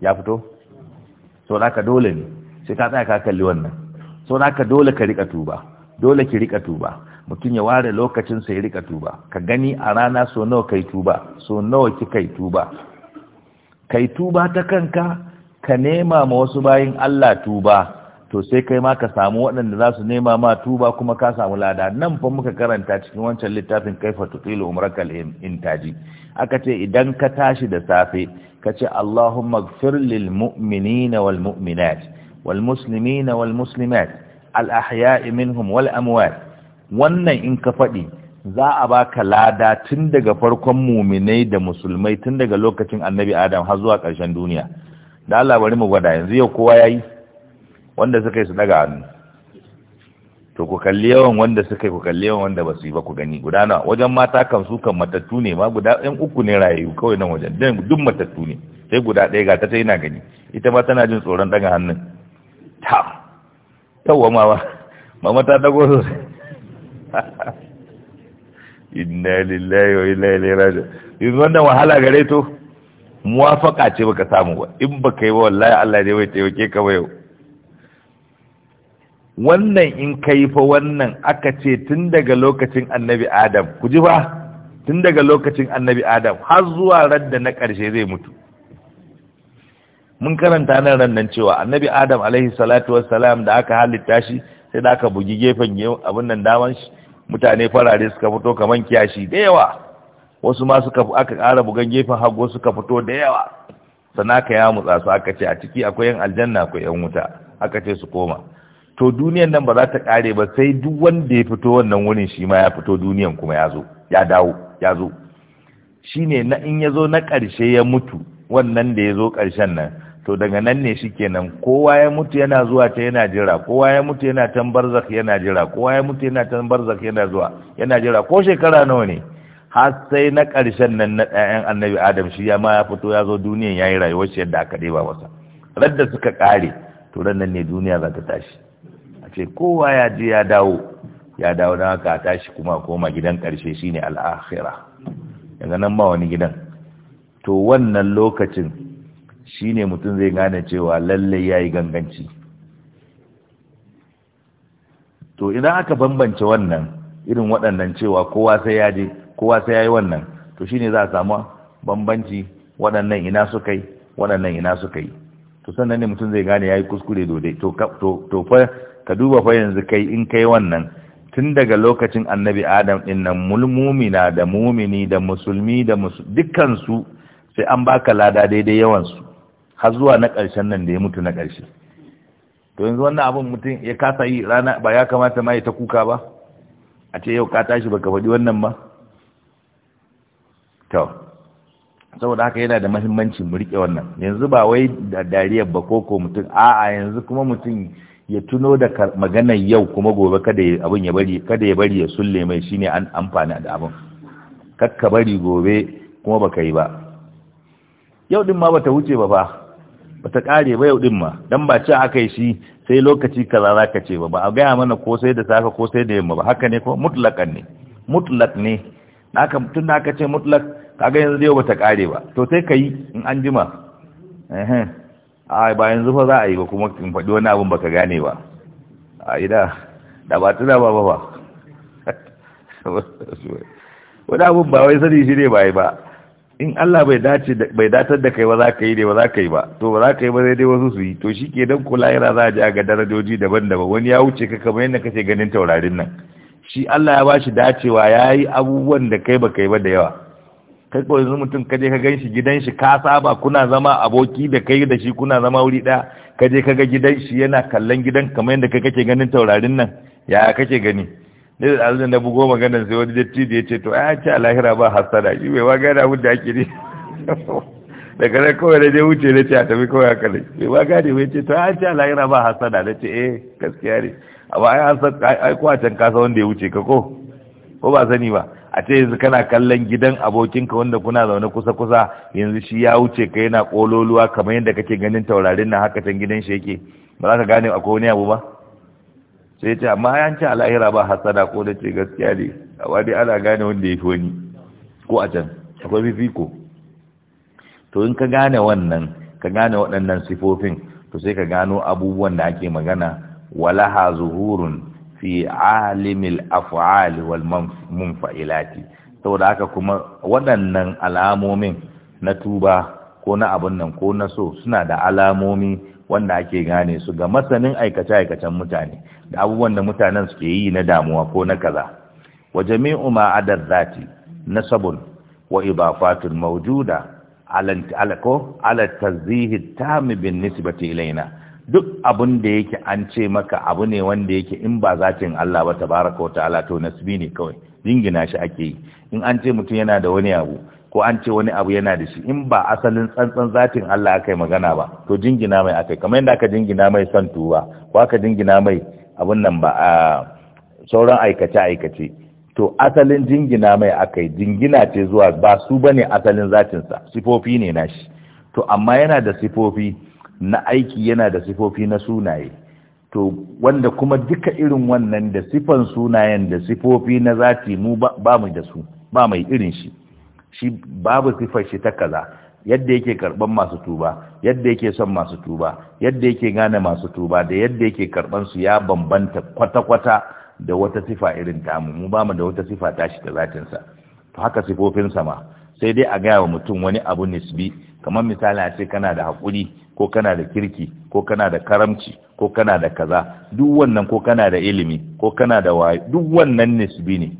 ya fito so naka dole ne sai ka tsaya ka kalli wannan so naka dole ka rika tuba dole ki rika tuba mutum ya ware lokacin sai ya rika tuba ka gani a rana so nawa kai tuba so nawa ki kai tuba kai tuba ta kanka ka nema ma wasu bayin Allah tuba to sai kai ma ka samu waɗanda za su nema ma tuba kuma ka samu lada nan fa muka karanta cikin wancan littafin kaifa tutilu umrakal intaji aka ce idan ka tashi da safe kace Allahumma ighfir lil mu'minina wal mu'minat wal muslimina wal muslimat al ahya'i minhum wal wannan in ka faɗi za a baka lada tun daga farkon muminai da musulmai tun daga lokacin annabi adam har zuwa ƙarshen duniya da Allah bari mu gwada yanzu yau kowa yayi wanda suka yi su daga hannu to ku kalli yawan wanda suka yi ku kalli yawan wanda ba su yi ba ku gani guda na wajen mata kan su kan matattu ne ma guda ɗan uku ne rayu kawai nan wajen dan duk matattu ne sai guda ɗaya ga ta ta yana gani ita ma tana jin tsoron daga hannun ta tawwa ma mama ta dago sosai inna lillahi wa inna ilaihi raji'un In wannan wahala gare to muwafaka ce baka samu ba in baka yi ba wallahi Allah ne bai taimake ka ba yau wannan in ka yi fa wannan aka ce tun daga lokacin annabi adam ku ji ba tun daga lokacin annabi adam har zuwa ran da na ƙarshe zai mutu mun karanta nan ran nan cewa annabi adam alaihi salatu wassalam da aka halitta shi sai da aka bugi gefen abin nan daman shi mutane farare suka fito kaman kiyashi da yawa wasu ma suka aka ƙara bugan gefen hago suka fito da yawa sanaka ya mutsa su aka ce a ciki akwai yan aljanna akwai yan wuta aka ce su koma to duniyan nan ba za ta kare ba sai duk wanda ya fito wannan wurin shi ma ya fito duniyan kuma ya zo ya dawo ya zo shine na in ya zo na ƙarshe ya mutu wannan da ya zo ƙarshen nan to daga nan ne shi kenan kowa ya mutu yana zuwa ta yana jira kowa ya mutu yana tan barzak yana jira kowa ya mutu yana tan barzak yana zuwa yana jira ko shekara nawa ne har sai na ƙarshen nan na ɗayan annabi adam shi ya ma ya fito ya zo duniyan ya yi rayuwar shi yadda aka ɗeba masa radda suka kare to nan ne duniya za ta tashi ce kowa ya je ya dawo ya dawo na haka tashi kuma koma gidan ƙarshe shine al'akhirah yanzu nan ba wani gidan to wannan lokacin shine mutum zai gane cewa lallai ya yi ganganci to idan aka bambance wannan irin waɗannan cewa kowa sai ya je kowa sai yayi yi wannan to shine za a samu bambanci waɗannan ina suka yi waɗannan ina suka yi to sannan ne mutum zai gane ya yi kuskure dodai to fa ka duba fa yanzu kai in kai wannan tun daga lokacin annabi adam din nan mulmumina da mumini da musulmi da dukkansu sai an baka lada daidai yawansu har zuwa na ƙarshen nan da ya mutu na ƙarshe to yanzu wannan abin mutum ya kasa yi rana ba ya kamata ma ya ta kuka ba a ce yau ka tashi baka faɗi wannan ba to saboda haka yana da mahimmanci mu riƙe wannan yanzu ba wai da dariyar ba koko mutum a'a yanzu kuma mutum ya tuno da maganar yau kuma gobe kada ya abin ya bari kada ya bari ya sulle mai shine an amfana da abin kakka bari gobe kuma baka yi ba yau din ma bata huce ba ba, bata kare ba yau din ma dan ba ci aka yi shi sai lokaci kaza zaka ce ba ba a gaya mana ko sai da safa ko sai da yamma ba haka ne ko mutlaqan ne mutlaq ne naka tun naka ce mutlaq kaga yanzu yau bata kare ba to sai kai in an jima eh a bayan zufa za a yi ba kuma in faɗi wani abin baka gane ba a yi da da ba tuna ba ba ba wani abin ba wai sani shi ne ba ba in Allah bai datar da kai ba za ka yi ne ba za ka yi ba to ba za ka yi ba zai dai wasu su yi to shi ke dan kula yana za a ji a ga darajoji daban-daban wani ya wuce ka kamar yadda kake ganin taurarin nan shi Allah ya ba shi dacewa ya yi abubuwan da kai ba kai ba da yawa kai kawai yanzu mutum kaje ka gan shi gidan shi ka saba kuna zama aboki da kai da shi kuna zama wuri ɗaya kaje ka ga gidan shi yana kallon gidan kamar yadda kai kake ganin taurarin nan ya kake gani ne da alzan da bugo magana sai wani da ya ce to ya ce a lahira ba hasara shi bai wa gane abin da ake ne daga nan kawai da dai wuce na ce a tafi kawai haka ne bai wa gane bai ce to ya ce a lahira ba hasara na ce eh gaskiya ne amma ai kwacen kasa wanda ya wuce ka ko ko ba sani ba a ce yanzu kana kallon gidan abokinka wanda kuna zaune kusa-kusa yanzu shi ya wuce ka yana kololuwa kamar yadda kake ganin taurarin na haka can gidan shi yake ba za ka gane akwai wani abu ba sai ce amma ya ce al'ahira ba hasada ko da ce gaskiya ne a wani ana gane wanda ya fi wani ko a can akwai fifiko to in ka gane wannan ka gane waɗannan sifofin to sai ka gano abubuwan da ake magana walaha zuhurun fi alimil af'ali wal munfa'ilati saboda haka kuma waɗannan alamomin na tuba ko na abun nan ko na so suna da alamomi wanda ake gane su ga masanin aikace-aikacen mutane da abubuwan da mutanen suke yi na damuwa ko na kaza wa jami'u ma adar zati nasabun wa ibafatun mawjuda ala ko ala tazihi tam bin nisbati ilaina duk abin da yake an ce maka abu ne wanda yake in ba zatin Allah ba tabaraka wata'ala to nasibi ne kawai dingina shi ake yi in an ce mutum yana da wani abu ko an ce wani abu yana da shi in ba asalin tsantsan zatin Allah aka yi magana ba to jingina mai aka yi. kamar yadda aka jingina mai son tuwa ko aka jingina mai abun nan ba a sauran aikace aikace to asalin jingina mai aka yi jingina ce zuwa ba su bane asalin zatinsa sifofi ne nashi to amma yana da sifofi na aiki yana da sifofi na sunaye to wanda kuma duka irin wannan da sifan sunayen da sifofi na zati mu ba mu da su ba mai irin shi shi babu sifar shi ta kaza yadda yake karban masu tuba yadda yake son masu tuba yadda yake gane masu tuba da yadda yake karban su ya bambanta kwata-kwata da wata sifa irin tamu mu ba mu da wata sifa tashi da zatinsa to haka sifofin sama sai dai a gaya wa mutum wani abu nisbi kamar misali a ce kana da haƙuri ko kana da kirki ko kana da karamci ko kana da kaza duk wannan ko kana da ilimi ko kana da wayo duk wannan ne su bi ne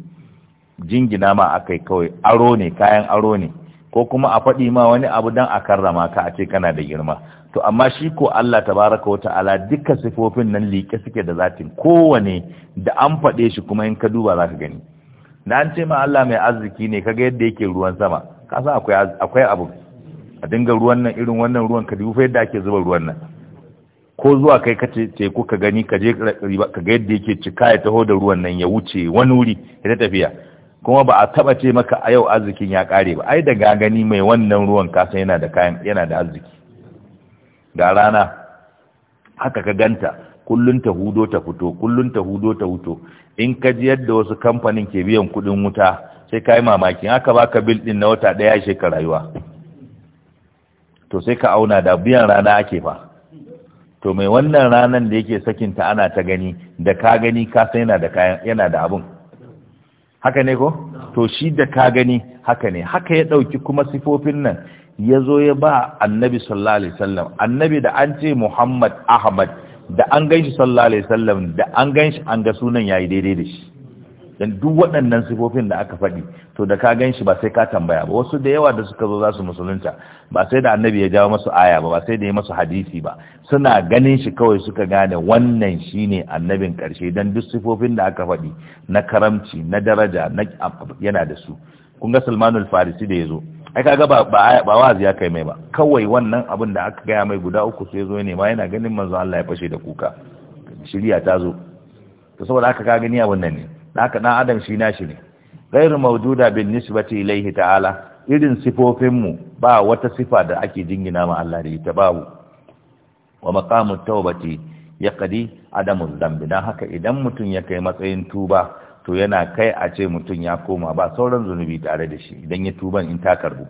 jingina ma akai kawai aro ne kayan aro ne ko kuma a faɗi ma wani abu dan a karrama ka a ce kana da girma to amma shi ko Allah tabaraka wa ta'ala duka sifofin nan liƙe suke da zatin kowane da an faɗe shi kuma in ka duba za ka gani Na an ce ma Allah mai arziki ne kaga yadda yake ruwan sama ka san akwai akwai abu a dinga ruwan nan irin wannan ruwan ka dubu fa yadda ake zuba ruwan nan ko zuwa kai ka ce ko ka gani ka je ka ga yadda yake cika ya taho da ruwan nan ya wuce wani wuri ya ta tafiya kuma ba a taba ce maka a yau arzikin ya kare ba ai da gani mai wannan ruwan kasan yana da kayan yana da arziki ga rana haka ka ganta kullun ta hudo ta fito kullun ta hudo ta huto in ka ji yadda wasu kamfanin ke biyan kudin wuta sai ka yi mamaki haka baka bil din na wata daya shekara rayuwa to sai ka auna da biyan rana ake fa to mai wannan ranan da yake sakinta ana ta gani da ka gani ka san yana da kayan yana da abun haka ne ko to shi da ka gani haka ne haka ya dauki kuma sifofin nan ya zo ya ba annabi sallallahu alaihi wasallam annabi da an ce Muhammad Ahmad da an ganshi sallallahu alaihi wasallam da an ganshi an ga sunan yayi daidai da shi dan duk waɗannan sifofin da aka faɗi to da ka gan shi ba sai ka tambaya ba wasu da yawa da suka zo za su musulunta ba sai da annabi ya jawo masu aya ba ba sai da ya masu hadisi ba suna ganin shi kawai suka gane wannan shi ne annabin ƙarshe dan duk sifofin da aka faɗi na karamci na daraja na yana da su kun ga Salmanul Farisi da ya zo ai kaga ba ba wazi ya kai mai ba kawai wannan abin da aka gaya mai guda uku sai zo ne ma yana ganin manzo Allah ya fashe da kuka shirya ta zo to saboda aka ka gani abin nan ne da haka dan adam shi nashi ne ghairu mawjuda bin nisbati ilaihi ta'ala irin sifofin mu ba wata sifa da ake jingina ma Allah da ita babu wa maqamut tawbati yaqdi adamul dambi dan haka idan mutun ya kai matsayin tuba to yana kai a ce mutun ya koma ba sauran zunubi tare da shi idan ya tuba in ta karbu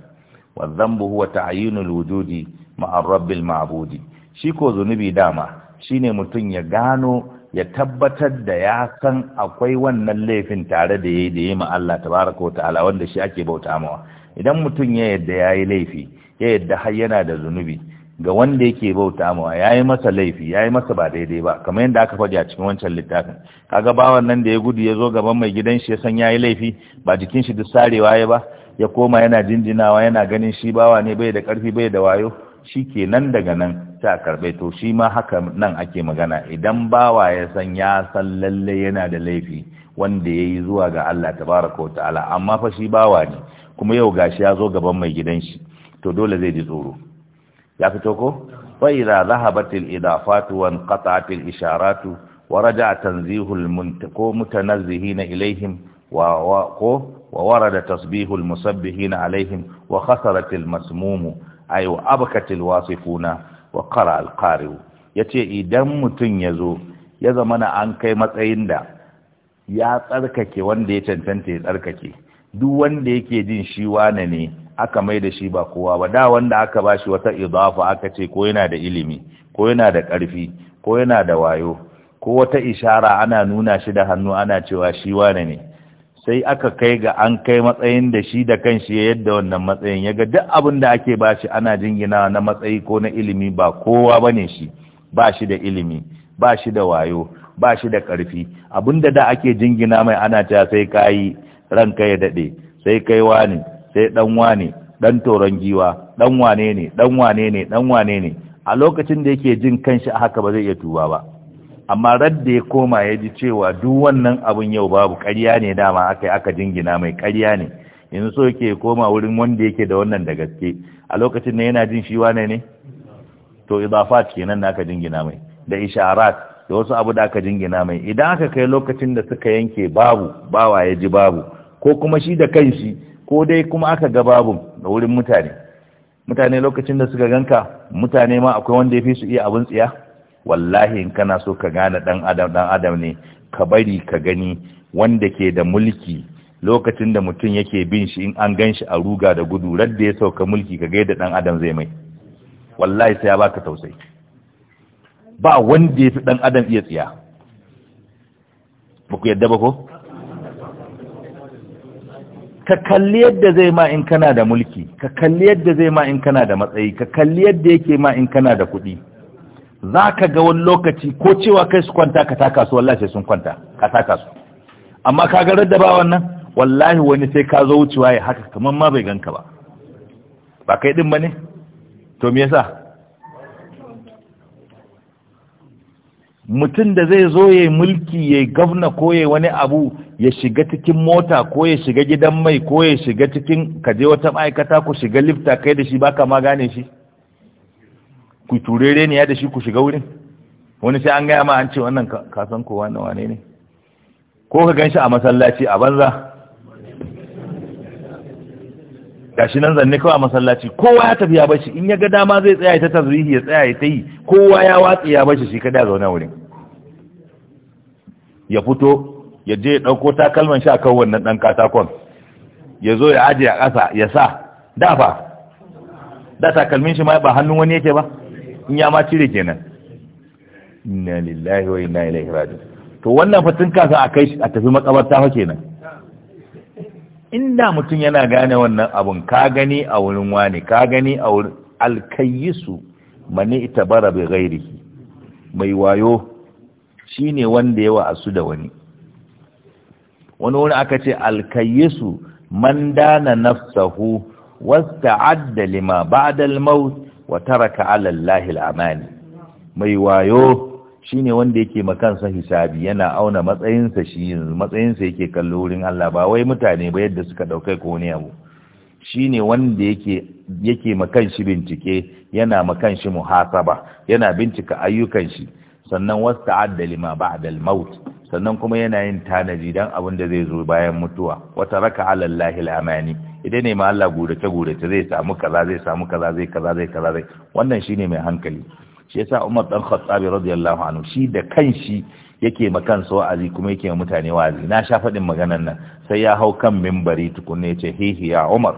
wa dhanbu huwa ta'yinul wujudi ma'a rabbil ma'budi shi ko zunubi dama shine mutun ya gano ya tabbatar da ya san akwai wannan laifin tare da yayi da ya ma Allah tabaraka wa ta'ala wanda shi ake bauta mawa idan mutum ya yadda yayi laifi ya yadda har yana da zunubi ga wanda yake bauta mawa yi masa laifi ya yi masa ba daidai ba kamar yadda aka faɗi a cikin wancan littafin kaga bawan nan da ya gudu ya zo gaban mai gidan shi ya san ya yi laifi ba jikin shi duk sarewa ya ba ya koma yana jinjinawa yana ganin shi bawa ne bai da ƙarfi bai da wayo shi kenan daga nan ta karbe to shi ma haka nan ake magana idan bawa ya san ya san lalle yana da laifi wanda ya yi zuwa ga Allah tabaraka ta'ala amma fa shi bawa ne kuma yau gashi ya zo gaban mai gidan shi to dole zai ji tsoro ya fito ko fa idza zahabatil idafatu wa qata'atil isharatu wa raja'a tanzihul muntaqo mutanazzihina ilaihim wa wa ko wa warada tasbihul musabbihina alaihim wa khasaratil masmumu ay abakatil wasifuna wa qara al ya yace idan mutum ya zo ya zama na an kai matsayin da ya tsarkake wanda ya cancanta ya tsarkake duk wanda yake jin shi wane ne aka mai da shi ba kowa ba da wanda aka ba shi wata idafa aka ce ko yana da ilimi ko yana da ƙarfi ko yana da wayo ko wata ishara ana nuna shi da hannu ana cewa shi wane ne sai aka kai ga an kai matsayin da shi da kanshi ya yadda wannan matsayin ya ga duk abin da ake ba shi ana jingina na matsayi ko na ilimi ba kowa ba ne shi ba shi da ilimi ba shi da wayo ba shi da ƙarfi abin da da ake jingina mai ana ta sai kayi ranka ya daɗe sai kai wane sai ɗan wane ɗan toron giwa ɗan wane ne ɗan wane ne ɗan wane ne a lokacin da yake jin kanshi haka ba zai iya tuba ba amma radda ya koma ya ji cewa duk wannan abin yau babu karya ne dama aka aka jingina mai karya ne yanzu so yake koma wurin wanda yake da wannan da gaske a lokacin ne yana jin shi wane ne to idafat kenan da aka jingina mai da isharat da wasu abu da aka jingina mai idan aka kai lokacin da suka yanke babu bawa ya ji babu ko kuma shi da kanshi ko dai kuma aka ga babu da wurin mutane mutane lokacin da suka ganka mutane ma akwai wanda ya fi su iya abin tsiya wallahi in kana so ka gane dan adam dan adam ne ka bari ka gani wanda ke da mulki lokacin da mutum yake bin shi in an gan shi a ruga da gudu radda ya sauka mulki ka gaida dan adam zai mai wallahi sai ya baka tausayi ba wanda ya fi dan adam iya tsiya ba ku yadda ba ko ka kalli yadda zai ma in kana da mulki ka kalli yadda zai ma in kana da matsayi ka kalli yadda yake ma in kana da kuɗi za ka ga wani lokaci ko cewa kai su kwanta ka taka su wallahi sai sun kwanta ka taka su amma ka ga raddaba wannan wallahi wani sai ka zo wucewa ya haka kamar ma bai ganka ba ba kai din ne, to me yasa mutum da zai zo ya mulki ya gavna ko ya wani abu ya shiga cikin mota ko ya shiga gidan mai ko ya shiga cikin kaje wata ma'aikata ku shiga lifta kai da shi baka ma gane shi ku turere ne ya da shi ku shiga wurin wani sai an gaya ma an ce wannan kasan kowa na wane ne ko ka gan shi a masallaci a banza shi nan zanne kawai a masallaci kowa ya tafi ya bashi in ya ga dama zai tsaya ta tazrihi ya tsaya ya ta yi kowa ya watsi ya bashi shi kada zauna wurin ya fito ya je ya ɗauko takalman shi a kan wannan ɗan katakon ya zo ya ajiye a ƙasa ya sa dafa da takalmin shi ma ba hannun wani yake ba in ya ma cire kenan inna lillahi wa inna ilaihi raji to wannan fa tun kasa a kai a tafi makabarta fa kenan inda mutum yana gane wannan abun ka gani a wurin wani ka gani a wurin alkayisu mani itabara bi ghairihi mai wayo shine wanda yawa asu da wani wani wani aka ce alkayisu man dana nafsahu wasta'adda lima ba'da al-maut wa taraka ala Allah al'amani mai wayo shine wanda yake makansa hisabi yana auna matsayinsa shi matsayinsa yake kallo wurin Allah ba wai mutane ba yadda suka daukai ko ne abu shine wanda yake yake makan shi bincike yana makan shi muhasaba yana bincika ayyukan shi sannan wasta'adda lima ba'da al-maut sannan kuma yana yin tanaji dan abin da zai zo bayan mutuwa wata raka alallahi al'amani idan ne ma Allah gurace gurace zai samu kaza zai samu kaza zai kaza zai kaza zai wannan shine mai hankali shi yasa Umar dan Khattabi radiyallahu anhu shi da kanshi yake ma kansa wa'azi kuma yake ma mutane wa'azi na sha faɗin maganar nan sai ya hau kan minbari tukunne ya ce hihi ya Umar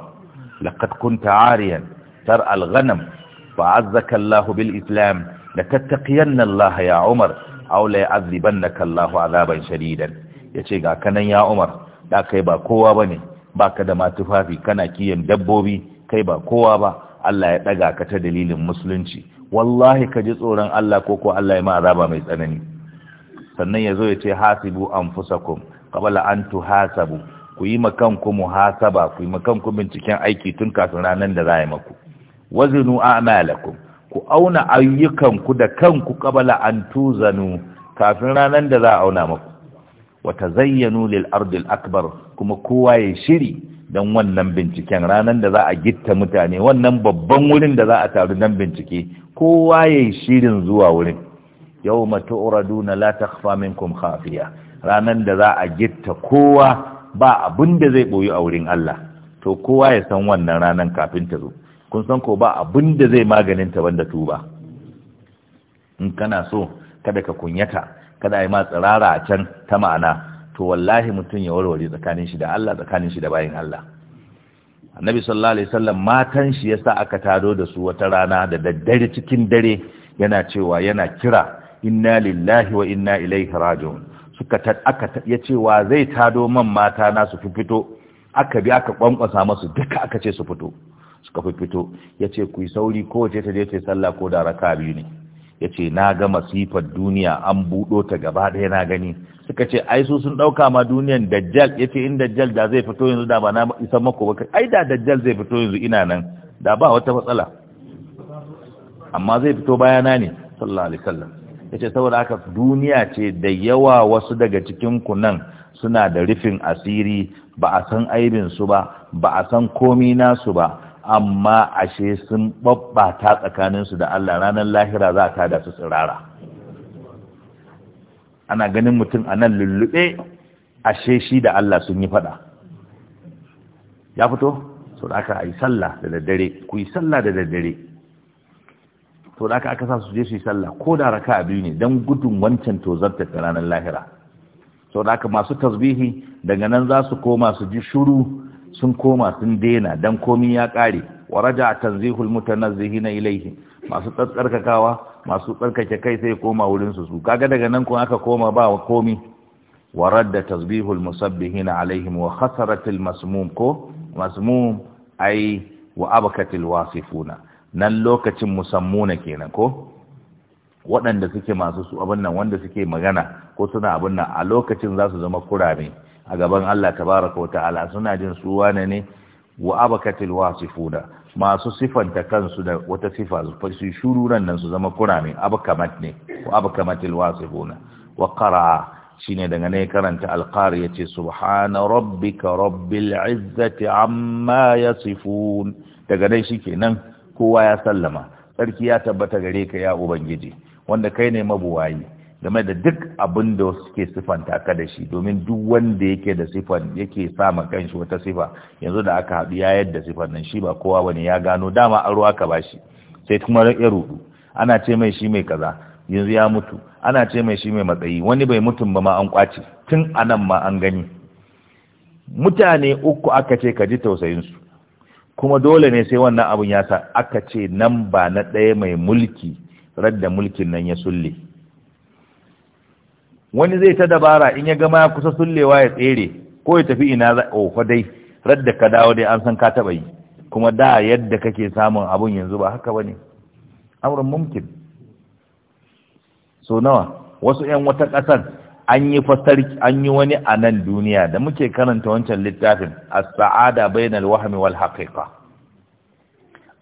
laqad kunta ariyan tar al-ghanam fa'azzaka Allahu, bil Islam la tattaqiyanna Allah ya Umar aula ya aziban na kallahu azaban shadidan ya ce ga kanan ya umar da kai ba kowa ba ne ba ka da matufafi kana kiyan dabbobi kai ba kowa ba Allah ya ɗaga ka ta dalilin musulunci wallahi ka ji tsoron Allah ko ko Allah ya ma azaba mai tsanani sannan ya zo ya ce hasibu an anfusakum kabala an tuhasabu ku yi makanku muhasaba ku yi makanku binciken aiki tun kafin ranar da za a yi maku wazinu a'malakum ku auna ayyukanku da kanku kabala an tuzanu kafin ranar da za a auna maku. wata zayyanu lil ardil akbar kuma kowa ya shiri don wannan binciken ranar da za a gitta mutane wannan babban wurin da za a taru don bincike kowa ya shirin zuwa wurin yau mata uraduna la takhfa minkum khafiya ranar da za a gitta kowa ba abin da zai boyi a wurin Allah to kowa ya san wannan ranar kafin ta zo kun san ko ba abin da zai maganin ta banda tuba in kana so kada ka kunyata kada yi ma tsirara a can ta ma'ana to wallahi mutum ya warware tsakanin shi da Allah tsakanin shi da bayin Allah annabi sallallahu alaihi wasallam matan shi yasa aka tado da su wata rana da daddare cikin dare yana cewa yana kira inna lillahi wa inna ilaihi raji'un suka ta aka ya cewa zai tado man mata na su fito aka bi aka kwankwasa masu duka aka ce su fito suka fito ya ce ku yi sauri ce ta je ta sallah ko da raka biyu ne ya ce na ga masifar duniya an buɗo ta gaba ɗaya na gani suka ce ai su sun ɗauka ma duniyan dajjal ya ce in dajjal da zai fito yanzu da ba na isan mako ba ai da dajjal zai fito yanzu ina nan da ba wata matsala amma zai fito bayana ne sallallahu alaihi wasallam ya ce saboda haka duniya ce da yawa wasu daga cikin ku nan suna da rufin asiri ba a san aibin su ba ba a san komi nasu ba amma ashe sun babbata tsakaninsu da Allah ranar lahira za ta da su tsirara ana ganin mutum a nan lullube ashe shi da Allah sun yi fada ya fito so da aka yi sallah da daddare ku yi sallah da daddare so da aka aka sa su je su yi sallah ko da raka biyu ne don gudun wancan ta ranar lahira so da aka masu tasbihi daga nan za su koma su ji shuru sun koma sun daina dan komi ya ƙare. wa raja tanzihul mutanazzihina ilaihi masu tsarkakawa masu tsarkake kai sai koma wurin su su kaga daga nan kun aka koma ba wa komi wa radda tasbihul musabbihina alaihim wa khasaratil masmum ko masmum ai wa abakatil wasifuna nan lokacin musammuna kenan ko waɗanda suke masu su abin nan wanda suke magana ko suna abin nan a lokacin za su zama kurame a gaban Allah tabaraka wa ta'ala suna jin su wane ne wa abakatil wasifuna masu sifanta kansu da wata sifa su shiru nan su zama ne. abakamat ne wa abakamatil wasifuna wa qara shine daga ne karanta alqari yace subhana rabbika rabbil izzati amma yasifun daga nan kowa ya sallama sarki ya tabbata gare ka ya ubangiji wanda kai ne mabuwayi game da duk abin da suke siffanta ka da shi domin duk wanda yake da siffan yake sa ma kanshi wata siffa yanzu da aka haɗu ya yadda siffan nan shi ba kowa wani ya gano dama aro aka shi sai kuma ya rudu ana ce mai shi mai kaza yanzu ya mutu ana ce mai shi mai matsayi wani bai mutum ba ma an kwace tun anan ma an gani mutane uku aka ce ka ji su kuma dole ne sai wannan abin ya sa aka ce nan ba na ɗaya mai mulki radda mulkin nan ya sulle wani zai ta dabara in ya gama ya kusa sullewa ya tsere ko ya tafi ina za o oh, fa dai radda ka dawo dai an san ka taba yi kuma da yadda kake samun abun yanzu ba haka bane amrun mumkin so nawa wasu yan wata kasar an yi fasar an yi wani a nan duniya da muke karanta wancan littafin as-sa'ada bainal wahmi wal haqiqa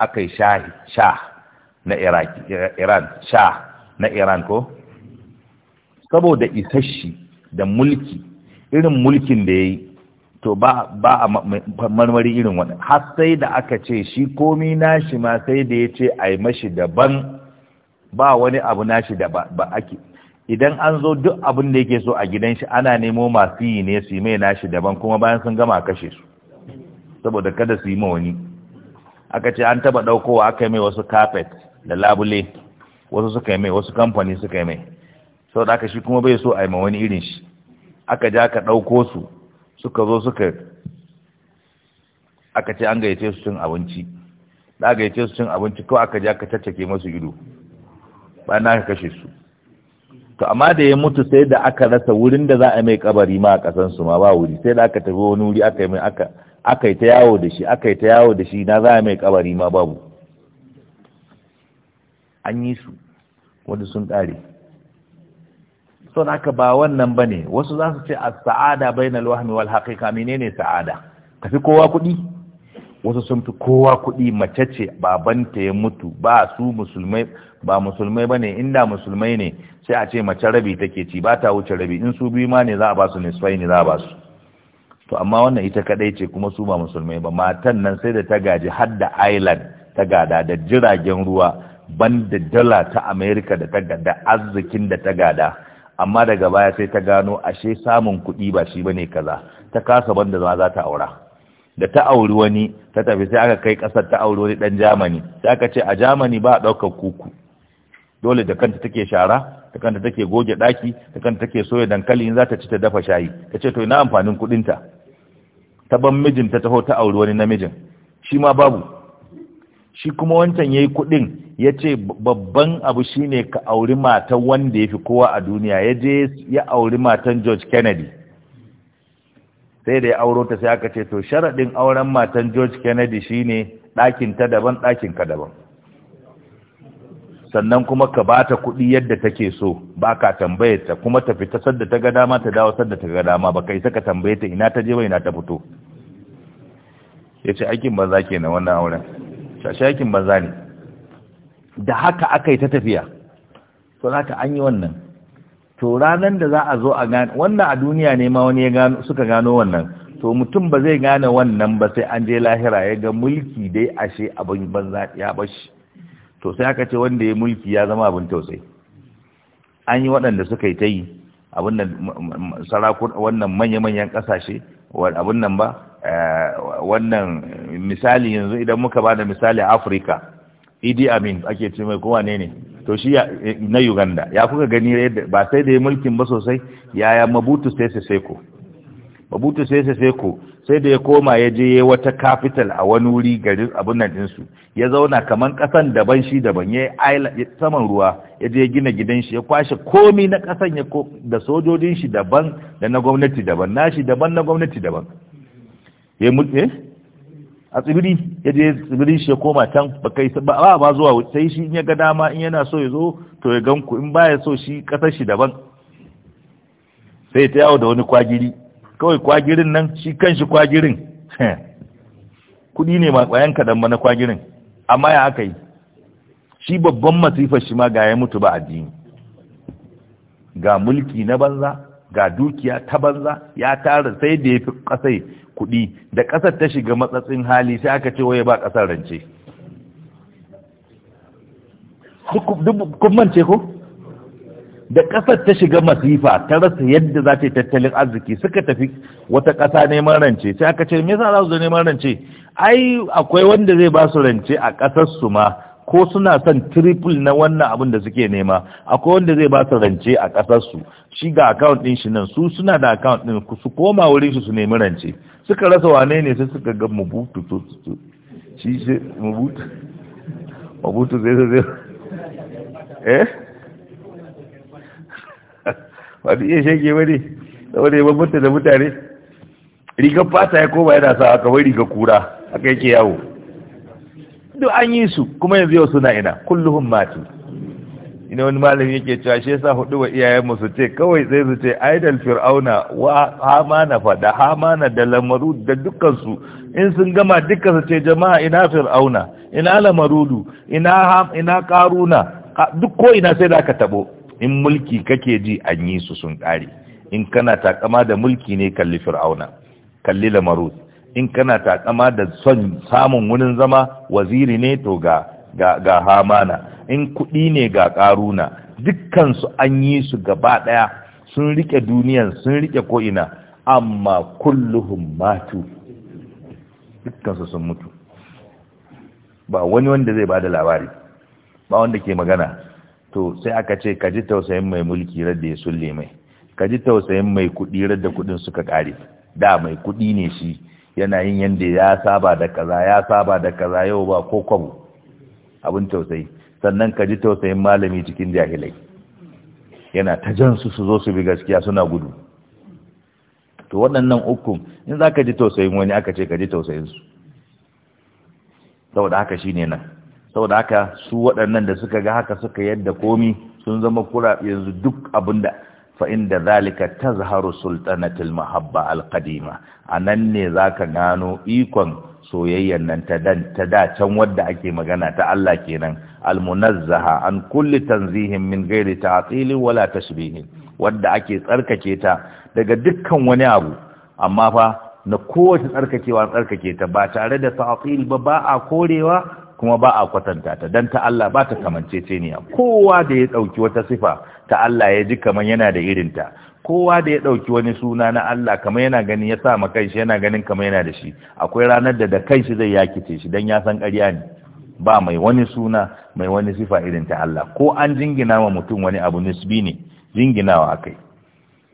akai shahi sha na iraki iran sha na iran ko saboda isashi da mulki irin mulkin da ya yi to ba a marmari irin wani har sai da aka ce shi komi nashi ma sai da ya ce a yi mashi daban ba wani abu nashi da ba ake idan an zo duk abin da yake so a gidan shi ana nemo masu yi ne su yi mai nashi daban kuma bayan sun gama kashe su saboda kada su yi ma wani aka ce an taba ɗaukowa aka yi mai wasu carpet da labule wasu suka yi mai wasu kamfani suka yi mai sau da aka shi kuma bai so a yi ma wani irin shi aka ja ka ɗauko su suka zo suka aka ce an gayyace su cin abinci da aka gayyace su cin abinci kawai aka ja ka caccake masu ido ba na ka kashe su to amma da ya mutu sai da aka rasa wurin da za a mai kabari ma a kasan su ma ba wuri sai da aka tafi wani wuri aka yi mai aka aka yi ta yawo da shi aka yi ta yawo da shi na za a mai kabari ma babu an yi su wanda sun ƙare son aka ba wannan ba ne wasu za su ce a sa'ada bai na luwahami wal haƙiƙa ne sa'ada ka fi kowa kuɗi wasu sun fi kowa kuɗi mace ce babanta ya mutu ba su musulmai ba musulmai ba ne inda musulmai ne sai a ce mace rabi take ci ba ta wuce rabi in su biyu ma ne za a ba su su ne za a ba su to amma wannan ita kaɗai ce kuma su ba musulmai ba matan nan sai da ta gaji har da island ta gada da jiragen ruwa banda dala ta america da ta gada arzikin da ta gada amma daga baya sai ta gano ashe samun kuɗi ba shi bane kaza ta kasa banda zama za ta aura da ta auri wani ta tafi sai aka kai ƙasar ta auri wani ɗan jamani sai aka ce a jamani ba a ɗaukar kuku dole da kanta take shara da kanta take goge ɗaki, da kanta take soya dankali in za ta ci ta dafa shayi ta ce to ina amfanin kuɗinta ta ban mijin ta taho ta auri wani namijin shi ma babu shi kuma wancan ya yi kuɗin ya ce babban abu shine ka auri matan wanda ya fi kowa a duniya ya je ya auri matan george kennedy sai da ya auro ta sai aka ce to sharaɗin auren matan george kennedy shine ɗakin ta daban ɗakin daban sannan kuma ka ba ta kuɗi yadda take so ba ka tambaye ta kuma ta fita sadda ta ga dama ta dawo sadda ta ga dama ba ka isa ka tambaye ta ina ta je ba ina ta fito ya ce aikin ba za ke na wannan auren shashakin banza ne da haka aka yi ta tafiya to haka an yi wannan to ranar da za a zo a gano wannan a duniya ne ma wani suka gano wannan to mutum ba zai gane wannan ba sai an je lahira ya ga mulki dai ashe abin banza ya bashi to sai aka ce wanda ya mulki ya zama abin tausayi an yi waɗanda suka yi ta yi abin da sarakun wannan manya-manyan ƙasashe abin nan ba Eh, wannan misali yanzu idan muka ba da misali afirka idi amin ake ce mai kowa ne ne to shi na uganda ya kuka gani yadda ba sai da ya mulkin ba sosai yaya mabutu sese seko mabutu sese seko sai da ya koma ya je wata capital a wani wuri garin abin nan dinsu ya zauna kamar kasan daban shi daban ya yi saman ruwa ya je gina gidan shi ya kwashe komi na ƙasan da sojojin shi daban da na gwamnati daban na shi daban na gwamnati daban ya yi eh? a tsibiri ya je tsibiri shi ya koma can ba kai ba ba zuwa sai shi in ya ga dama in yana so ya zo to ya gan ku in baya so shi kasar shi daban sai ta yawo da wani kwagiri kawai kwagirin nan shi kan shi kwagirin kudi ne ma kwayan kadan ba na kwagirin amma ya aka yi shi babban masifar shi ma ga ya mutu ba addini ga mulki na banza ga dukiya ta banza ya tara sai da ya fi kasai kuɗi da ƙasar ta shiga matsatsin hali sai aka ce waye ba ƙasar rance kun ko da kasar ta shiga masifa ta rasa yadda za ta yi tattalin arziki suka tafi wata ƙasa neman rance sai aka ce me yasa za su zo neman rance ai akwai wanda zai ba su rance a ƙasar su ma ko suna son triple na wannan abin da suke nema akwai wanda zai ba su rance a ƙasarsu shi ga account ɗin shi nan su suna da account ɗin su koma wurin shi su nemi rance suka rasa wane ne sai suka ga mabutu to to shi shi mabutu mabutu zai zai eh ba da iya shege ba ne saboda ya bambanta da mutane rigar fata ya koma yana sa aka wai rigar kura aka yake yawo duk an yi su kuma yanzu yau suna ina kulluhun mati ina wani malami yake cewa shi yasa hudu wa iyayen mu su ce kawai sai su ce aidal fir'auna wa na fa da na da lamaru da dukkan su in sun gama duka su ce jama'a ina fir'auna ina lamarudu ina ham ina karuna duk ko ina sai da taɓo tabo in mulki kake ji an yi su sun kare in kana takama da mulki ne kalli fir'auna kalli lamarud in kana takama da son samun wurin zama waziri ne to ga ga ga hamana in kuɗi ne ga ƙaruna dukkansu an yi su gaba ɗaya sun rike duniyan sun rike ko'ina amma kulluhum matu dukkansu sun mutu ba wani wanda zai bada labari ba wanda ke magana to sai aka ce ka ji tausayin mai mulki radda ya sulle mai ka ji tausayin mai kuɗi radda kuɗin suka ƙare da mai kuɗi ne shi yana yin yanda ya saba da kaza ya saba da kaza yau ba ko kwabo abin tausayi sannan ka ji tausayin malami cikin jahilai yana ta jan su su zo su bi gaskiya suna gudu to waɗannan ukun in za ka ji tausayin wani aka ce ka ji tausayin su saboda haka shi ne nan saboda haka su waɗannan da suka ga haka suka yadda komi sun zama kura yanzu duk abin da fa inda zalika tazharu sultanatul mahabba alqadima anan ne zaka gano ikon soyayyan nan ta dan ta da can wadda ake magana ta Allah kenan almunazzaha an kulli tanzihin min ghairi ta'til wala tashbih wadda ake tsarkake ta daga dukkan wani abu amma fa na kowace tsarkakewa tsarkake ta ba tare da ta'til ba ba a korewa kuma ba a kwatanta ta dan ta Allah ba ta kamanceceniya kowa da ya ɗauki wata sifa ta Allah ya ji kaman yana da irin ta. kowa da ya ɗauki wani suna na Allah kamar yana gani ya sa ma shi, yana ganin kamar yana da shi akwai ranar da da kai shi zai yaki ce shi don ya san ƙarya ne ba mai wani suna mai wani sifa irin ta Allah ko an jingina wa mutum wani abu nisbi ne jinginawa kai.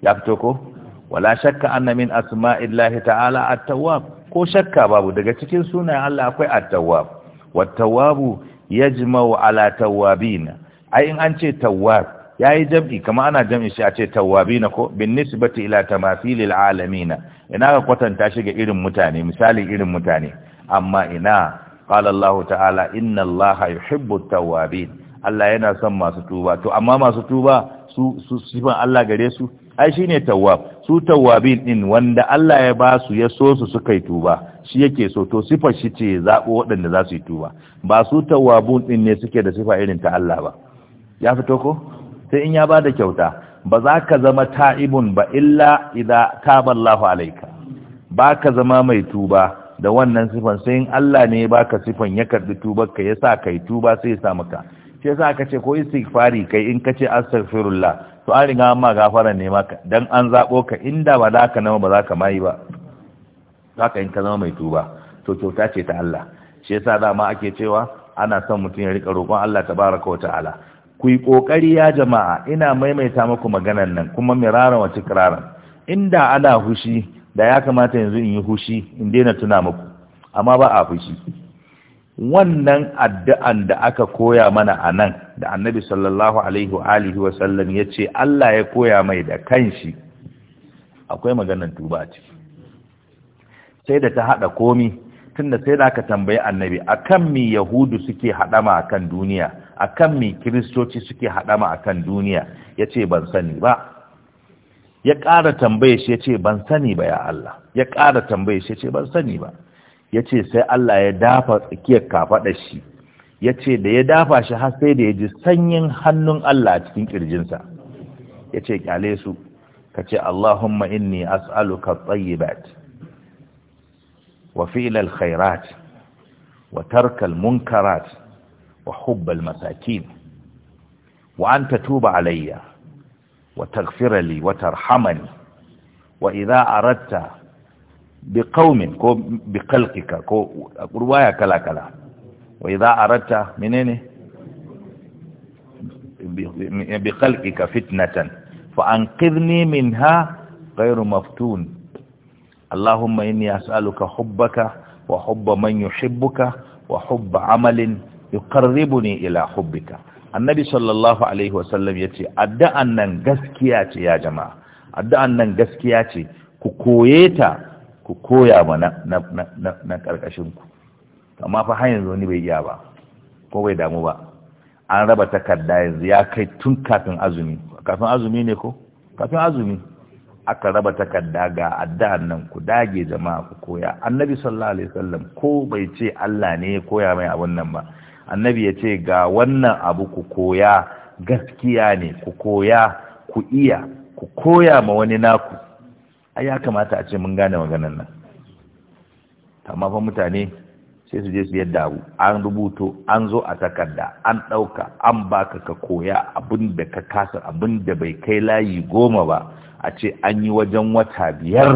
ya fito ko wala shakka anna min asma'illahi ta'ala at-tawwab ko shakka babu daga cikin sunayen Allah akwai at-tawwab wattawabu yajma'u ala tawabin ai in an ce tawwab yayi jam'i kama ana jam'i shi a ce na ko bin nisbati ila tamathilil alamin ina ka kwatanta shi ga irin mutane misalin irin mutane amma ina qala ta'ala inna Allah yuhibbu tawabin Allah yana son masu tuba to amma masu tuba su su sifan Allah gare ai ne tawwab su tawwabin din wanda Allah ya ba su ya so su suka yi tuba shi yake so to sifar shi ce zabo waɗanda za su yi tuba ba su tawwabun din ne suke da sifa irin ta Allah ba ya fito ko sai in ya ba da kyauta ba za ka zama ta'ibun ba illa idza Allahu alayka ba ka zama mai tuba da wannan sifan sai in Allah ne ya baka sifan ya karbi tubarka ya sa kai tuba sai ya sa maka shi sa aka ce ko istighfari kai in kace astaghfirullah to an riga ma gafara ne maka dan an zabo ka inda ba za ka nama ba za ka mai ba haka in ka zama mai tuba to kyauta ce ta Allah shi yasa dama ake cewa ana son mutum ya rika roƙon Allah tabaraka wa ta'ala ku yi kokari ya jama'a ina maimaita muku maganan nan kuma miraran wa tikraran inda ana hushi da ya kamata yanzu in yi hushi in daina tuna muku amma ba a fushi wannan addu'an da aka koya mana a nan da annabi sallallahu alaihi wa alihi wa ya ce Allah ya koya mai da kanshi akwai maganar tuba ce sai da ta haɗa komi tunda sai da aka tambayi annabi akan mi yahudu suke haɗama akan duniya akan mi kiristoci suke haɗama akan duniya ya ce ban sani ba ya ƙara tambaye shi ya ce ban sani ba ya Allah ya ƙara tambaye shi ya ce ban sani ba ya ce sai Allah ya dafa tsakiyar kafaɗar shi ya ce da ya dafa shi har sai da ya ji sanyin hannun Allah a cikin ƙirjinsa ya ce ƙyale su ka ce Allahumma inni as'aluka tsayibat wa filal khairat wa tarkal munkarat wa hubbal masakin wa an tatuba alayya wa taghfirali wa tarhamani wa idza aradta بقوم كو بقلقك كو رواية كلا كلا وإذا أردت منين بقلقك فتنة فأنقذني منها غير مفتون اللهم إني أسألك حبك وحب من يحبك وحب عمل يقربني إلى حبك النبي صلى الله عليه وسلم يتي أدى أنن قسكياتي يا جماعة أدى أنن قسكياتي كوكويتا ku koya ma na ƙarƙashinku amma fa har yanzu wani bai iya ba ko bai damu ba an raba takarda yanzu ya kai tun kafin azumi kafin azumi ne ko kafin azumi aka raba takarda ga addu'an nan ku dage jama'a ku koya annabi sallallahu alaihi wasallam ko bai ce Allah ne ya koya mai abun nan ba annabi ya ce ga wannan abu ku koya gaskiya ne ku koya ku iya ku koya ma wani naku ai ya kamata a ce mun gane maganan nan amma fa mutane sai su je su yadda abu an rubuto an zo a takarda an ɗauka an baka ka koya abin da ka kasa abin da bai kai layi goma ba a ce an yi wajen wata biyar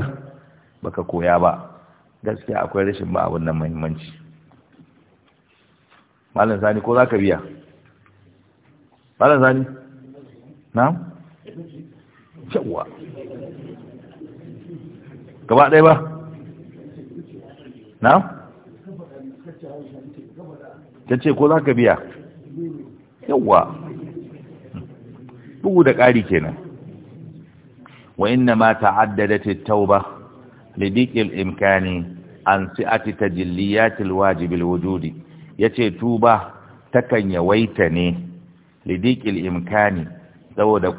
baka koya ba gaskiya akwai rashin ba abin nan muhimmanci malam sani ko za ka biya malam sani na? yawa gaba ɗaya ba na? ta ce ko za ka biya yawwa bugu da ƙari kenan wa inna ma ta'addadat ta tauba li imkani an si tajilliyat ta jilliyatil wajibil wujudi yace tuba takan yawaita ne li imkani saboda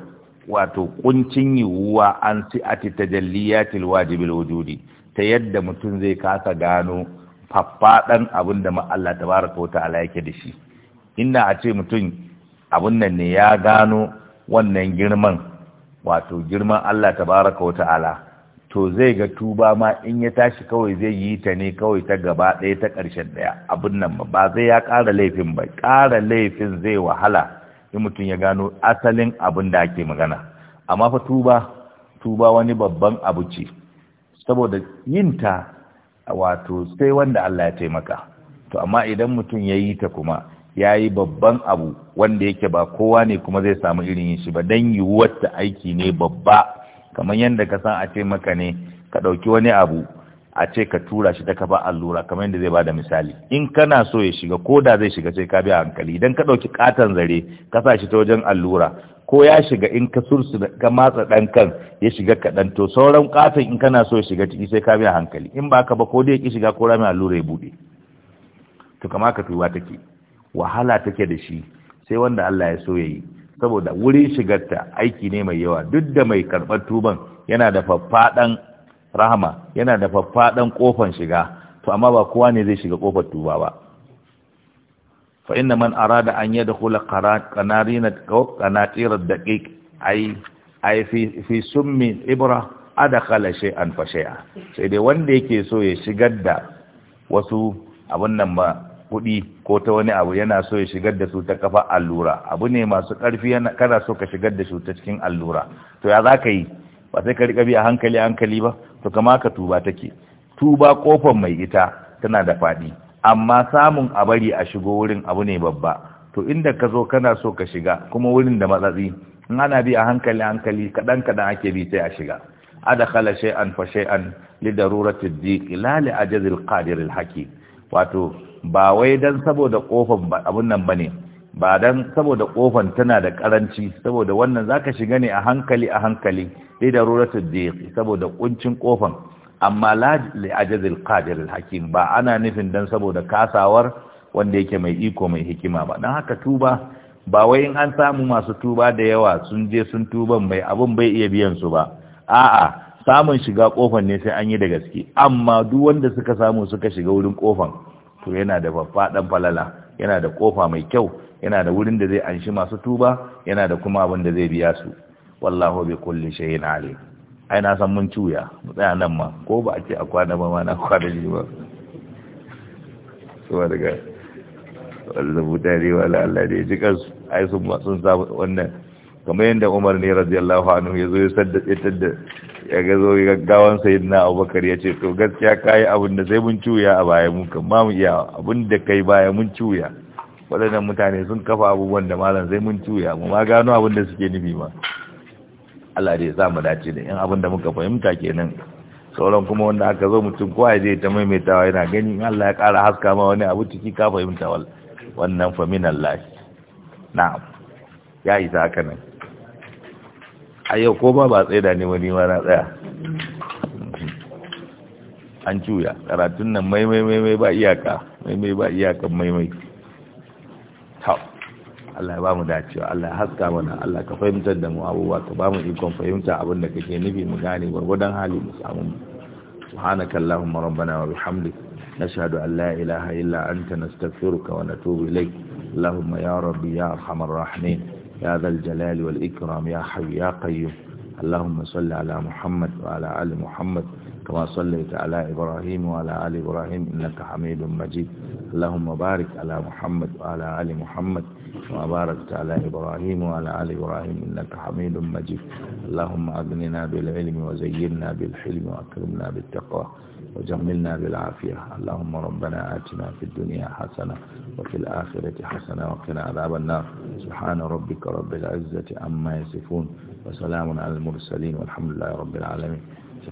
wato kuncin yiwuwa an si'ati tajalliyatil wajibil wujudi ta yadda mutum zai kasa gano faffaɗan abin da Allah tabaraka wa ta'ala yake da shi inda a ce mutum abin nan ne ya gano wannan girman wato girman Allah Ta tabaraka wa ala, to zai ga tuba ma in ya tashi kawai zai yi ta ne kawai ta gaba ɗaya ta ƙarshen ɗaya abin nan ba zai ya ƙara laifin ba ƙara laifin zai wahala in mutum ya gano asalin abin da ake magana amma fa tuba tuba wani babban abu ce saboda yinta, wato sai wanda Allah ya taimaka to amma idan mutum ya yi ta kuma ya yi babban abu wanda yake ba kowa ne kuma zai samu irin yin shi ba don yiwuwar aiki ne babba kamar yadda ka san a taimaka ne ka ɗauki wani abu a ce ka tura shi ta kafa allura kamar yadda zai ba da misali in kana so ya shiga ko da zai shiga sai ka biya hankali idan ka ɗauki katon zare ka sa shi ta wajen allura ko ya shiga in ka sursu ka matsa ɗan kan ya shiga kaɗan to sauran katon in kana so ya shiga ciki sai ka biya hankali in ba ka ba ko dai ya ki shiga ko rami allura ya buɗe to kama ka tuba take wahala take da shi sai wanda Allah ya so ya yi saboda wurin shigarta aiki ne mai yawa duk da mai karɓar tuban yana da faffaɗan rahama yana da faffadan ƙofan shiga to amma ba kowa ne zai shiga kofar tuba ba fa inna man arada an yadkhula qanarina qanatira daqiq ai ai fi fi summi ibra adkhala shay'an fa shay'a sai dai wanda yake so ya shigar da wasu abun nan ba kuɗi ko ta wani abu yana so ya shigar da su ta kafa allura abu ne masu ƙarfi kana so ka shigar da su ta cikin allura to ya za yi ba sai ka riƙa bi a hankali hankali ba to kama ka tuba take tuba kofar mai ita tana da faɗi amma samun a bari a shigo wurin abu ne babba to inda ka zo kana so ka shiga kuma wurin da matsatsi in ana bi a hankali hankali kaɗan kaɗan ake bi sai a shiga adakhala shay'an fa shay'an li darurati ad-diq li ajzi al-qadir wato ba wai dan saboda kofar abun nan bane ba dan saboda kofar tana da karanci saboda wannan zaka shiga ne a hankali a hankali li darurati dhiq saboda kuncin kofan amma la li ajazil qadir al hakim ba ana nufin dan saboda kasawar wanda yake mai iko mai hikima ba dan haka tuba ba wai in an samu masu tuba da yawa sun je sun tuba mai abun bai iya biyan su ba a'a samun shiga kofan ne sai an yi da gaske amma duk wanda suka samu suka shiga wurin kofan to yana da faffaɗan falala yana da kofa mai kyau yana da wurin da zai anshi masu tuba yana da kuma abin da zai biya su wallahu bi kulli shay'in alim ai na san mun cuya mu tsaya nan ma ko ba a ce a kwana ba ma na kwana ji ba su daga wanda mutane wala Allah da ya ji kansu ai sun ba sun samu wannan kamar yadda Umar ne radiyallahu anhu ya zo ya saddace tadda ya ga zo gaggawan sayyidina Abubakar ya ce to gaskiya kai abin da sai mun cuya a baya mun kan ma mu iya abin da kai baya mun cuya waɗannan mutane sun kafa abubuwan da malam sai mun cuya mu ma gano abin da suke nufi ma Allah dai za mu dace da in abin da muka fahimta kenan sauran kuma wanda aka zo mutum kowa zai ta maimaitawa yana gani in Allah ya ƙara haska ma wani abu ciki ka fahimta wal wannan fa min Allah na'am ya isa haka nan a yau ko ba ba tsaida ne wani ma na tsaya an juya karatun nan maimai maimai ba iyaka maimai ba iyakan maimai top Allah ya ba mu dacewa Allah ya haska mana Allah ka fahimtar da mu abubuwa ka ba mu ikon fahimta abin da kake nufi mu gane gwargwadon hali mu samu subhanaka allahumma rabbana wa bihamdik nashhadu an la ilaha illa anta nastaghfiruka wa natubu ilayk allahumma ya rabbi ya arhamar rahimin ya dhal jalali wal ikram ya hayy ya qayyum اللهم صل على محمد وعلى آل محمد كما صليت على إبراهيم وعلى آل إبراهيم إنك حميد مجيد اللهم بارك على محمد وعلى آل محمد وبارك على إبراهيم وعلى آل إبراهيم إنك حميد مجيد اللهم أغننا بالعلم وزينا بالحلم وأكرمنا بالتقوى وجملنا بالعافية اللهم ربنا آتنا في الدنيا حسنة وفي الآخرة حسنة وقنا عذاب النار سبحان ربك رب العزة عما يصفون وسلام على المرسلين والحمد لله رب العالمين